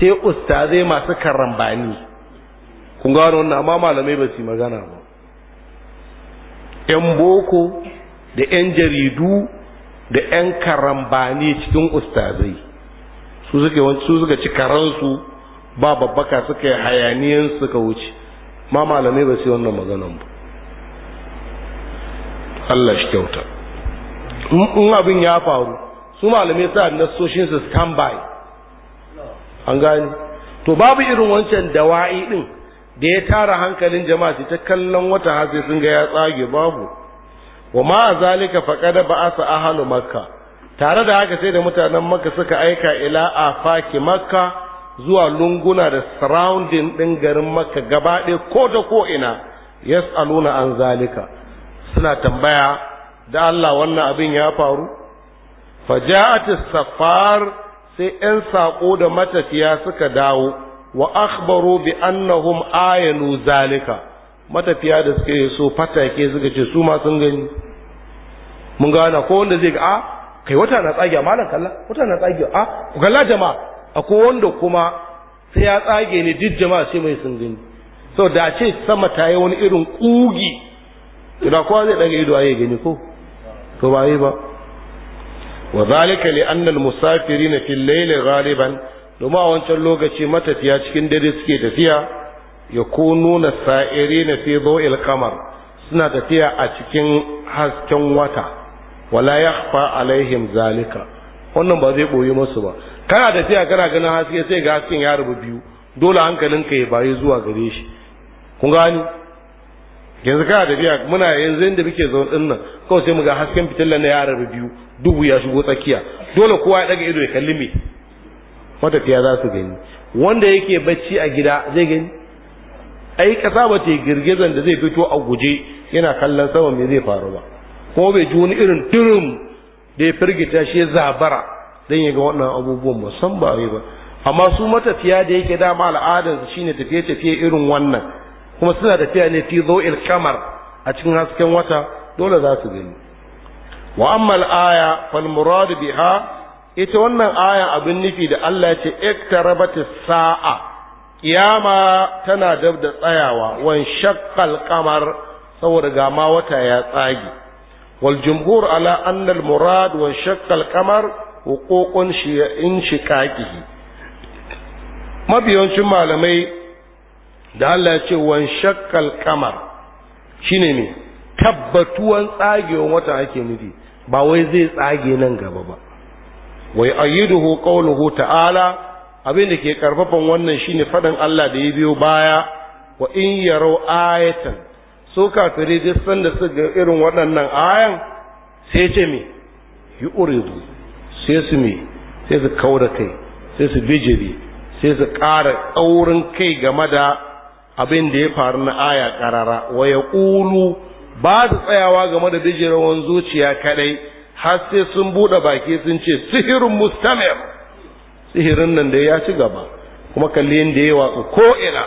sai ustazai masu karambani kun ga wannan amma malamai ba su magana ba yan boko da yan jaridu da yan karambani cikin ustazai su suka ci karansu ba babbaka suka yi hayaniyan suka wuce ma malamai ba su wannan maganan ba Allah shi kyauta in abin ya faru su malamai sa nasoshin su stand by an gani to babu irin wancan dawa'i din da ya tara hankalin jama'a su ta kallon wata hasi sun ga ya tsage babu wa ma zalika faqad a halu makka tare da haka sai da mutanen makka suka aika ila a faki makka zuwa lunguna da surrounding ɗin garin makka gaba ko da ko ina yas'aluna an zalika suna tambaya da Allah wannan abin ya faru faja'at safar sai 'yan saƙo da matafiya suka dawo wa akhbaru bi annahum ayanu zalika matafiya da suka yi so fatake suka ce su ma sun gani mun gana ko wanda zai ga a ah, kai wata na tsagiya malam kalla wata na tsagiya a ah, ku kalla jama'a akwai wanda kuma sai ya tsage ne duk jama'a sai mai sun gani so da ce sama ta yi wani irin kugi ina kowa zai ɗaga ido ayi gani ko to ba yi ba wa zalika li anna al musafirin fi al ghaliban domin a wancan lokaci matafiya cikin dare suke tafiya ya nuna sa'irina fi dhawil qamar suna tafiya a cikin hasken wata wala fa alaihim zalika wannan ba zai boye musu ba kana tiya kana ganin haske sai ga hasken ya rubu biyu dole hankalin ka ya bayi zuwa gare shi kun gani yanzu kana tafiya muna yanzu inda muke zaune din nan kawai sai mu ga hasken fitila na ya rubu biyu dubu ya shigo tsakiya dole kowa ya daga ido ya kalli me matafiya za su gani wanda yake bacci a gida zai gani ai kasa ba ta girgizan da zai fito a guje yana kallon sama me zai faru ba ko bai ji wani irin turum da ya firgita shi zabara Zan ya ga wannan abubuwan ba a ba ba amma su matafiya da yake dama al'adar su shine tafiye tafiye irin wannan kuma suna tafiya ne fi zo'il kamar a cikin hasken wata dole za su gani wa amma al'aya fal murad biha ita wannan aya abin nufi da Allah ya ce iktarabatis sa'a kiyama tana dab da tsayawa wan shaqqal qamar saboda ga ma wata ya tsage wal jumhur ala anna murad wan shaqqal qamar hukukun in shiƙaƙihi mabiyancin malamai da Allah ya ce wan shakkal kamar shine ne tabbatuwan tsagewan wata ake nufi ba wai zai tsage nan gaba ba wai ayyiduhu qawluhu ta'ala abin da ke karfafan wannan shine faɗin Allah da ya biyo baya wa in yarau ayatan so kafiri duk sanda su ga irin waɗannan ayan sai ce me yu'ridu sai su me sai su kaura kai sai su bijiri sai su ƙara ƙaurin kai game da abin da ya faru na aya ƙarara wa ya ƙulu ba su tsayawa game da bijirawan zuciya kadai har sai sun buɗe baki sun ce sihirin mustamir sihirin nan da ya ci gaba kuma kalli yadda ya watsu ko'ina ina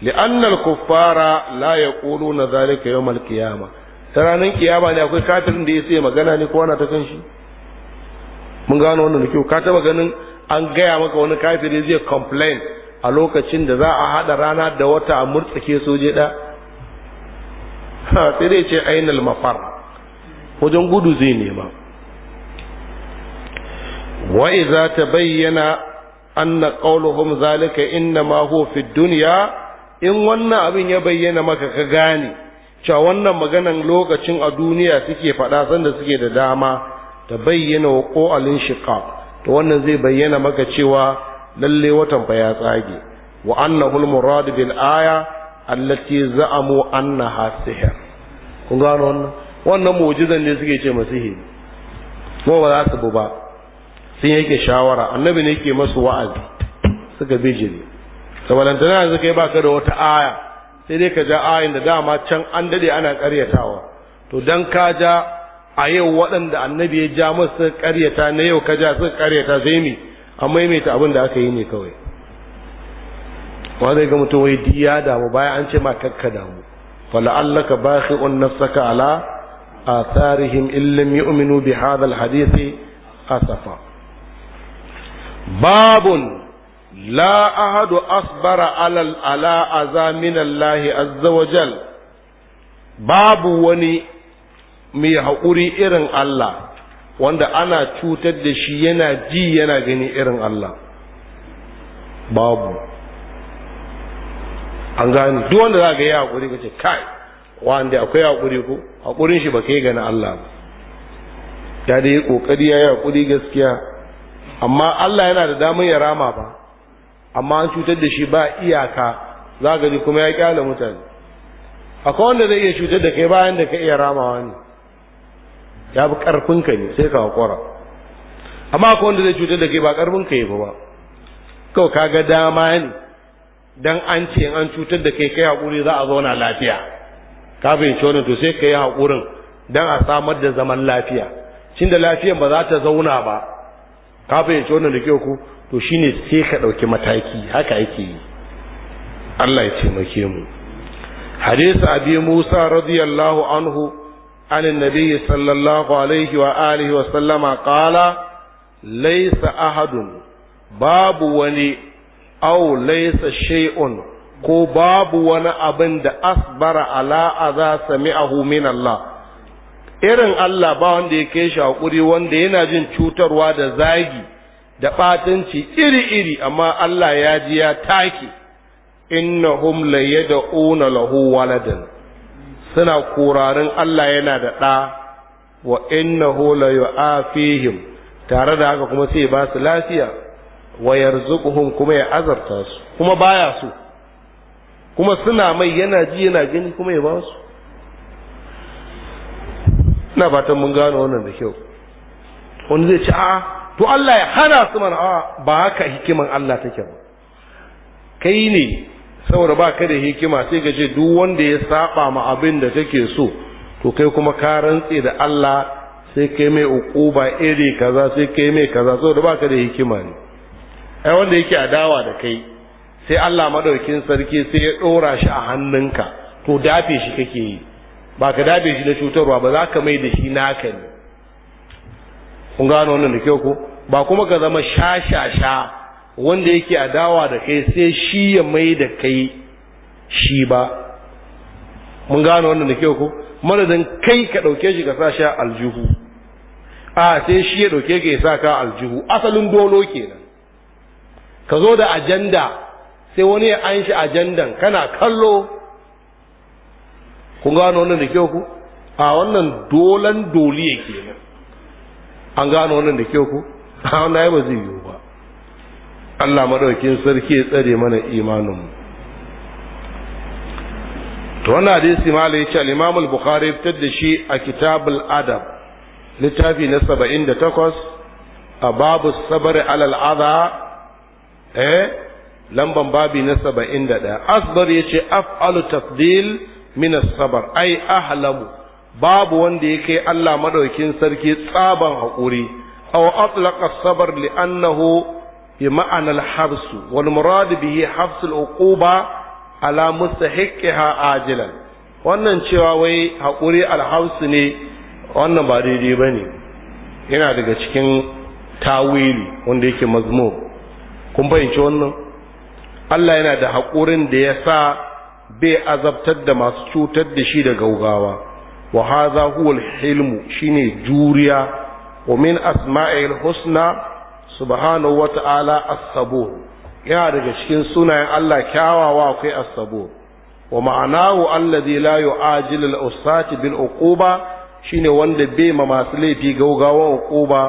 li'anna al-kuffara la ƙulu na yawm al-qiyamah ta ranar kiyama ne akwai katin da ya sai magana ne ko na ta kan mun gano wannan da kyau ka taba ganin an gaya maka wani kafiri zai complain a lokacin da za a hada rana da wata a murtsake soje da sai dai ce ainal mafar wajen gudu zai nema wa iza tabayyana anna qawluhum zalika inna ma huwa fi dunya in wannan abin ya bayyana maka ka gane cewa wannan maganan lokacin a duniya suke faɗa sanda suke da dama ta bayyana wa ƙo'alin shiƙa ta wannan zai bayyana maka cewa lalle watan fa ya tsage wa annahul murad bil aya allati za'amu annaha sihr kun gano wannan wannan mu'jizan ne suke ce masihi ko ba za su bu ba sun yake shawara annabi ne ke masu wa'azi suka bi saboda yanzu kai baka da wata aya sai dai ka ja ayin da dama can an dade ana karyatawa to dan ka ja a yau waɗanda annabi ya ja masu karyata na yau ka ja suka karyata sai me a maimaita abin da aka yi ne kawai wanda ga mutum wai di ya damu bayan an ce ma kakka damu fala'allaka bakhi'un nafsaka ala atharihim illam yu'minu bi hadha alhadith asafa babun لا أحد asbara alal ala أذى من الله عز وجل mai haƙuri irin Allah wanda ana cutar da shi yana ji yana gani irin Allah babu an gani duk wanda za ka yi haƙuri ka ce kai wanda akwai haƙuri ko haƙurin shi ba ka yi gani Allah ba ya da yi ƙoƙari ya yi haƙuri gaskiya amma Allah yana da damar ya rama ba amma an cutar da shi ba iyaka za ka ji kuma ya ƙyale mutane akwai wanda zai iya cutar da kai bayan da ka iya ramawa ne ya fi karfinka ne sai ka haƙura amma akwai wanda zai cutar da kai ba karfinka ya fi ba kawai ka ga dama ne dan an ce an cutar da kai kai haƙuri za a zauna lafiya ka fahimci wannan to sai ka yi haƙurin dan a samar da zaman lafiya cin da lafiyan ba za ta zauna ba ka fahimci wannan da kyau ku to shine sai ka ɗauki mataki haka yake yi Allah ya taimake mu hadisa abi Musa radiyallahu anhu عن النبي صلى الله عليه وآله وسلم قال ليس أحد باب ولي أو ليس شيء ko babu wani abin da asbara ala aza sami'ahu min Allah irin Allah ba wanda ya kai shi hakuri wanda yana jin cutarwa da zagi da ɓatanci iri-iri amma Allah ya ji ya take innahum la yad'una lahu waladan suna kurarin Allah yana da ɗa wa innahu la yu'afihim tare da haka kuma sai ba su lafiya wa yarzuquhum kuma ya azarta su kuma baya su kuma suna mai yana ji yana gani kuma ya ba su ina fatan mun gano wannan da kyau wani zai ci a'a to Allah ya hana su mana a'a ba haka hikiman Allah take ba kai ne saboda ba ka da hikima sai ka ce duk wanda ya saba ma abin da kake so to kai kuma ka rantse da Allah sai kai mai uquba iri kaza sai kai mai kaza saboda ba ka da hikima ne ai wanda yake adawa da kai sai Allah madaukin sarki sai ya dora shi a hannunka to dafe shi kake yi ba ka dafe shi da cutarwa ba za ka mai da shi naka ne kun gano wannan da kyau ko ba kuma ka zama shashasha wanda yake adawa da kai sai shi ya mai da kai shi ba mun gano wannan da kyau ko madadin kai ka ɗauke shi ka sa shi aljihu a sai shi ya ɗauke ka ya sa ka aljihu asalin dolo kenan ka zo da ajanda sai wani ya an shi ajandan kana kallo kun gano wannan da kyau ku a wannan dolan doliye kenan an gano wannan da kyau ku a wannan ya ba zai yiwu Allah maɗaukin sarki ya tsare mana imaninmu to wannan hadisi mala yace al-Imam bukhari fitar da shi a Kitabul Adab littafi na 78 a babu sabar alal adha eh lamban babi na 71 asbar yace af'alu tafdil min as-sabr ai ahlamu babu wanda yake Allah madaukin sarki tsaban hakuri aw atlaqa as-sabr li'annahu bi ma'anar habsu wal muradu bihi habsul uquba ala mustahiqqiha ajilan wannan cewa wai haƙuri alhausu ne wannan ba daidai ba ne yana daga cikin tawili wanda yake mazmu kun fahimci wannan Allah yana da haƙurin da ya sa bai azabtar da masu cutar da shi da gaugawa wa haza huwa hilmu shine juriya wa min asma'il husna subhanahu wata'ala as-sabur yana daga cikin sunayen Allah kyawawa akwai as-sabur wa ma'anahu allazi la yu'ajilu al-usati bil uquba shine wanda bai ma masu laifi gaugawan uquba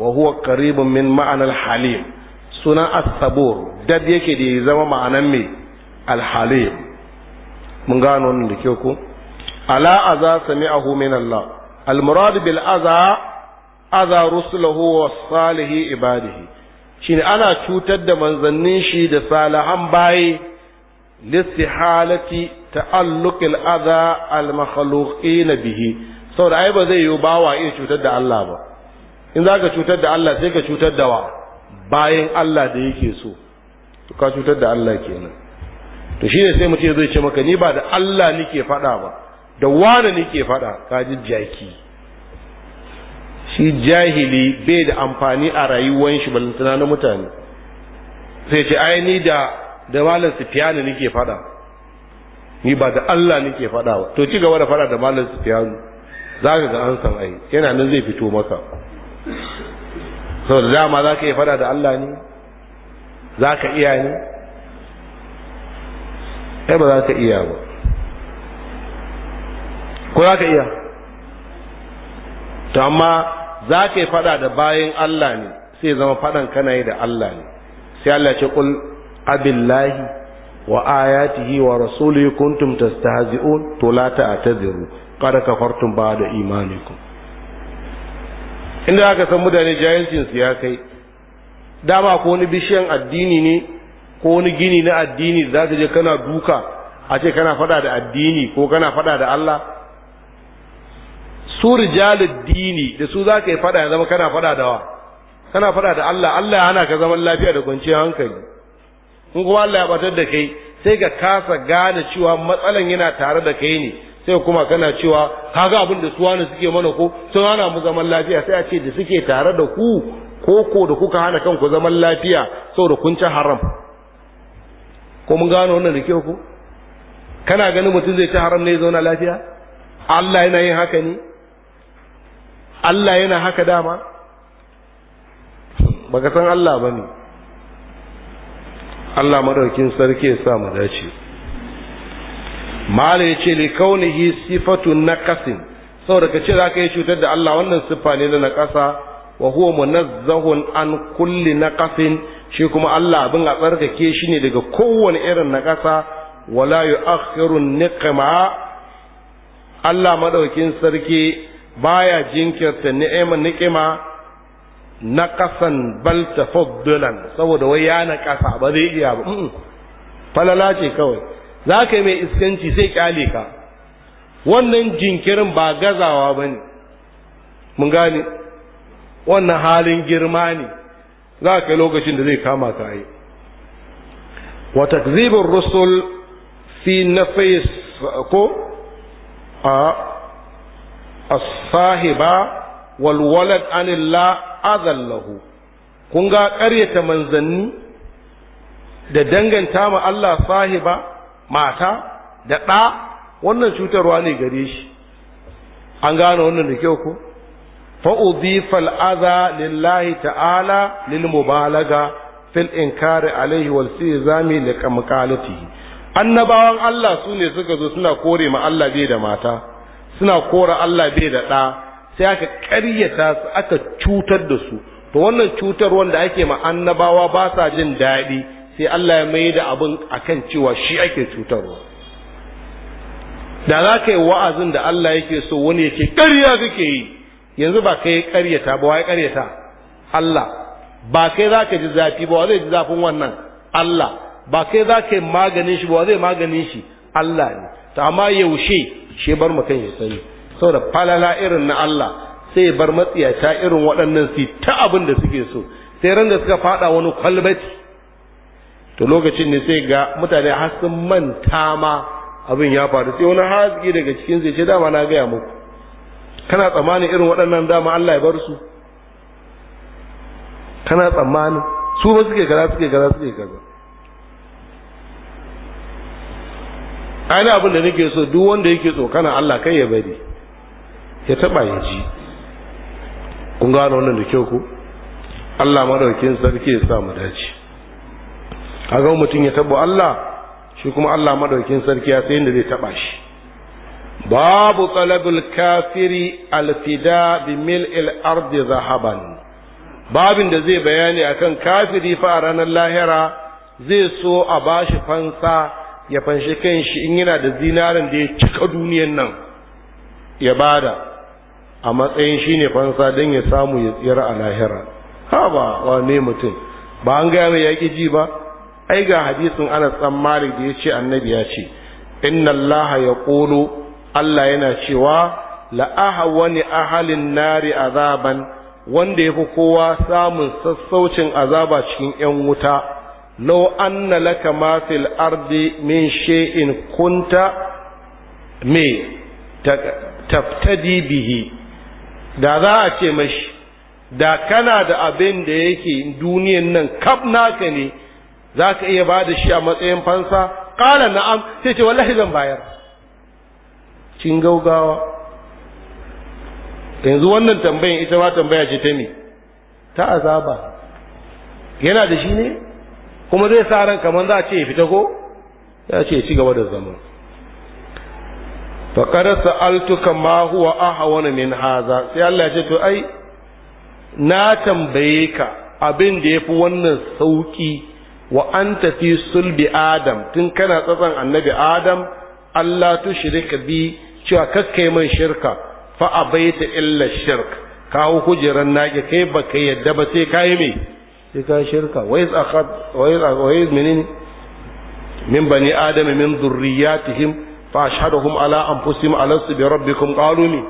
wa huwa qaribun min ma'anal halim sunan as-sabur dab yake da ya zama ma'anan me al-halim mun gano wannan da kyau ko ala aza sami'ahu min Allah al-murad bil aza aza rusulahu wa salihi ibadihi shine ana cutar da manzannin shi da salihan bayi ta ta'alluqil aza al na bihi saboda ai ba zai yi bawa iya cutar da Allah ba in za ka cutar da Allah sai ka cutar da wa bayan Allah da yake so to ka cutar da Allah kenan to shi ne sai mutum zai ce maka ni ba da Allah nike faɗa ba da wane nake faɗa ka ji jaki shi jahili bai da amfani a rayuwar shi balantana na mutane sai ce ai ni da da malam sufiyanu nake fada ni ba da Allah nake fada ba to ci gaba da fada da malam sufiyanu za ka ga an san ai yana nan zai fito maka saboda dama za ka yi fada da Allah ne za ka iya ne ai ba za ka iya ba ko za ka iya to amma za ka yi faɗa da bayan Allah ne sai zama faɗan kana yi da Allah ne sai Allah ce kul abillahi wa ayatihi wa rasulihi kuntum tastahzi'un to la ta'tadiru qad kafartum ba'da imanikum inda aka san mutane jahilcin su ya kai dama ko wani bishiyan addini ne ko wani gini na addini za ka je kana duka a ce kana faɗa da addini ko kana faɗa da Allah su rijalud dini da su za ka yi fada ya zama kana fada da wa kana fada da Allah Allah ya hana ka zaman lafiya da kwanciyar hankali in kuma Allah ya batar da kai sai ka kasa gane cewa matsalan yana tare da kai ne sai kuma kana cewa kaga abin da su wani suke mana ko sun hana mu zaman lafiya sai a ce da suke tare da ku ko ko da kuka hana kanku zaman lafiya saboda kun ci haram ko mun gano wannan da kyau ku kana ganin mutum zai ci haram ne ya zauna lafiya Allah yana yin haka ne Allah yana haka dama baka san Allah ne, Allah madaukin sarki ya sa mu dace mala yace li kaunihi sifatu naqasin ce kace zaka yi cutar da Allah wannan siffa ne na naqasa wa huwa munazzahun an kulli naqasin shi kuma Allah abin a tsarkake shi ne daga kowane irin naqasa wala yu'akhiru niqma Allah madaukin sarki baya jinkirta ni'ima ni'ima na kasan bal tafaddulan saboda wai ya na kasa ba zai iya ba falala ce kawai za ka yi mai iskanci sai kyale ka wannan jinkirin ba gazawa ba ne mun gane wannan halin girma ne za ka yi lokacin da zai kama ka yi wa zibin rusul fi nafis ko a as-sahiba wal walad azallahu kun ga ƙaryata manzanni da danganta ma Allah sahiba mata da ɗa wannan cutarwa ne gare shi an gane wannan da kyau ko فأضيف ta'ala لله fil inkari alaihi wal sizami والسيزام لكمقالته annabawan Allah sune suka zo suna kore ma Allah bai da mata suna kora Allah bai da ɗa sai aka ƙaryata su aka cutar da su to wannan cutar wanda ake ma annabawa ba sa jin daɗi sai Allah ya mai da abin akan cewa shi ake cutarwa da za ka yi wa'azin da Allah yake so wani ya karya ƙarya kake yi yanzu ba kai ƙaryata ba wai ƙaryata Allah ba kai za ka ji zafi ba zai ji zafin wannan Allah ba kai za ka yi maganin shi ba zai maganin shi Allah ne ta amma yaushe shi bar mu kan ya sani saboda falala irin na Allah sai bar matsiyata irin waɗannan su ta abin da suke so sai ran da suka fada wani kwalbati to lokacin ne sai ga mutane har sun manta ma abin ya faru sai wani haziki daga cikin zai ce dama na gaya muku kana tsammanin irin waɗannan dama Allah ya bar su kana tsammanin su ba suke kaza suke kaza suke kaza ana abin da nake so duk wanda yake tsokana Allah kai ya bari ya taba ya ji kun gano wannan da kyau ku Allah madaukin sarki ya sa mu dace kaga mutum ya tabo Allah shi kuma Allah madaukin sarki ya sai inda zai taba shi babu talabul kafiri alfida bi mil'il ardi zahaban babin da zai bayani akan kafiri fa ranar lahira zai so a bashi fansa ya fanshe kan shi in yana da zinarin da ya cika duniyan nan ya bada a matsayin shi ne fansa don ya samu ya tsira a lahira ha ba wane mutum ba an gaya mai yaƙi ji ba ai ga hadisin ana dan malik da ya ce annabi ya ce inna allah ya ƙolo allah yana cewa la'aha wani ahalin nari azaban wanda ya fi kowa samun sassaucin azaba cikin 'yan wuta law anna laka ma fil ardi min shay'in kunta me taftadi bihi da za a ce mashi da kana da abin da yake duniyan nan kaf naka ne za ka iya ba da shi a matsayin fansa ƙala na'am sai ce wallahi zan bayar cin gaugawa yanzu wannan tambayin ita ma tambaya ce ta me ta azaba yana da shi ne kuma zai sa ran kamar za a ce fita ko ya ce ci gaba da zama faƙar sa'altuka ma huwa ahwana min haza sai Allah ya ce to ai na tambaye ka abin da yafi wannan sauki wa an tafi sulbi adam tun kana tsatsan annabi adam Allah tu shirka bi cewa kakkai man shirka fa abaita illa shirk kawo kujeran nake kai baka yadda ba sai kai mai. sai ka shirka wai iz akhad wa iz wa iz minin min bani adam min zurriyatihim fa ashhaduhum ala anfusihim alastu bi rabbikum qalu min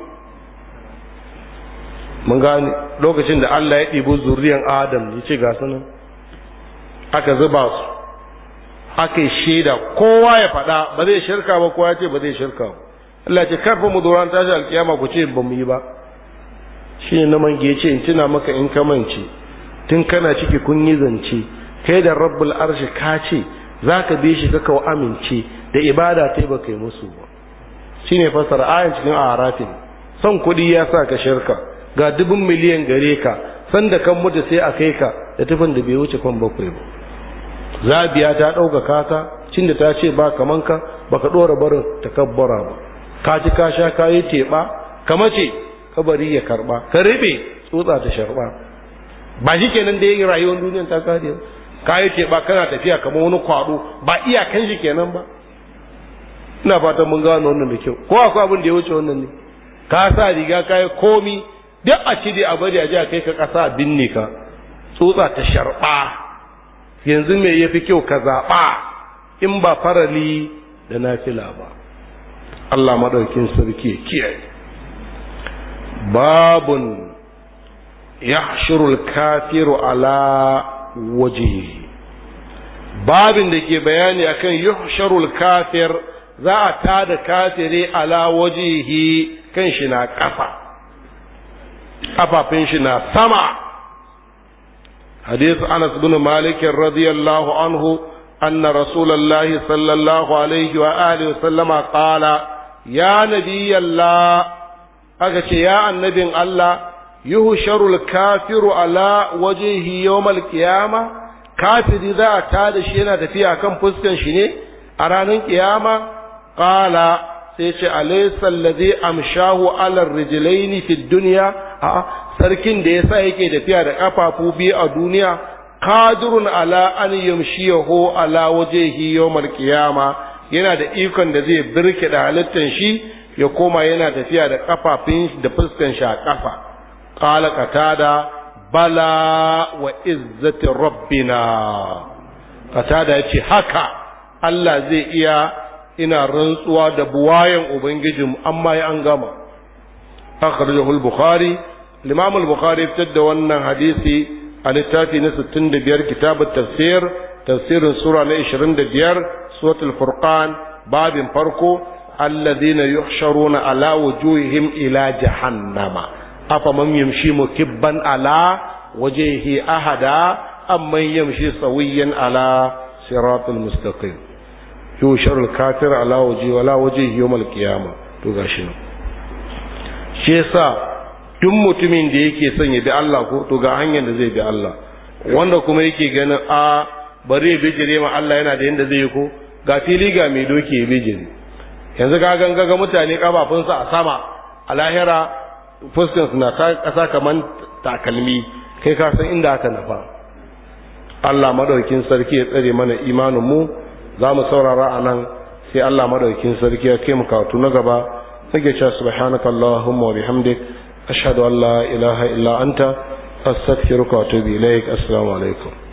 mun gane lokacin da Allah ya ɗibo zuriyan Adam ya ce ga sanan aka zuba su aka yi shaida kowa ya faɗa ba zai shirka ba kowa ya ce ba zai shirka ba Allah ce karfa mu doron tashi alkiyama ku ce ba mu yi ba shi ne na mange ce in tuna maka in kamance tun kana ciki kun yi zance kai da rabbul arshi ka ce za ka bi shi kakau amince da ibada ta yi baka yi musu ba shi ne fasar ayan cikin arafin son kuɗi ya sa ka shirka ga dubin miliyan gare ka sanda kan mutu sai a kai ka da tufin da bai wuce kwan bakwai ba zabiya ta ɗaukaka ka cin da ta ce ba kaman ka baka ɗora barin takabbara ba ka ci ka sha ka yi teɓa ka mace kabari ya karɓa ka riɓe tsotsa ta sharɓa ba shi kenan da ya yi rayuwar duniyar ta kare ba kayi ce ba kana tafiya kamar wani kwado ba iyakan shi kenan ba ina fatan mun gano wannan da kyau ko akwai abin da ya wuce wannan ne ka sa riga ka yi komi duk a ci dai a bari a ji a kai ka kasa binne ka tsotsa ta sharba yanzu me fi kyau ka zaɓa in ba farali da nafila ba Allah maɗaukin sarki kiyaye babun yahshurul kafiru ala wajihi babin da ke bayani akan yahshurul kafir za a tada kafiri ala wajihi kan shi na kafa ƙafafin shi na sama حديث أنس بن مالك رضي الله عنه أن رسول الله صلى الله عليه وآله وسلم قال يا نبي الله أكش يا النبي الله Yuhu sharul kafiru ala wajhihi yawmal qiyama kafiri za a tada shi yana tafiya kan fuskan shi ne a ranar kiyama qala sai ce alaysa alladhi amshahu ala rijlaini fid dunya a sarkin da yasa yake tafiya da kafafu biyu a duniya qadirun ala an yamshiyahu ala wajhihi yawmal qiyama yana da ikon da zai birke da halittar shi ya koma yana tafiya da kafafin da fuskan shi a kafa Ƙala katada bala wa izzati rabbina qatada yace haka Allah zai iya ina rantsuwa da buwayen ubangijin amma ya an gama akhrajahu al-bukhari al-imam al da wannan hadisi a littafi na 65 kitab at-tafsir tafsirin sura na 25 suratul furqan babin farko alladhina yuhsharuna ala wujuhihim ila jahannama afaman yamshi mukibban ala wajhihi ahada amman yamshi sawiyan ala siratul mustaqim yushar al-kafir ala wajhi wala wajhi yawm al-qiyama to gashi nan shi yasa duk mutumin da yake son ya bi Allah ko to ga hanyar da zai bi Allah wanda kuma yake ganin a bari ya bijire ma Allah yana da yanda zai yi ko ga fili ga mai doki ya bijire yanzu ga ganga ga mutane kafafunsa a sama a lahira fuskan suna kasa kamar takalmi kai kasan inda aka nafa Allah madaukin sarki ya tsare mana imanin mu za mu saurara a nan sai Allah madaukin sarki ya kai mu kawo na gaba nake cewa subhanaka allahumma wa bihamdik ashhadu an la ilaha illa anta astaghfiruka wa atubu ilaik assalamu alaikum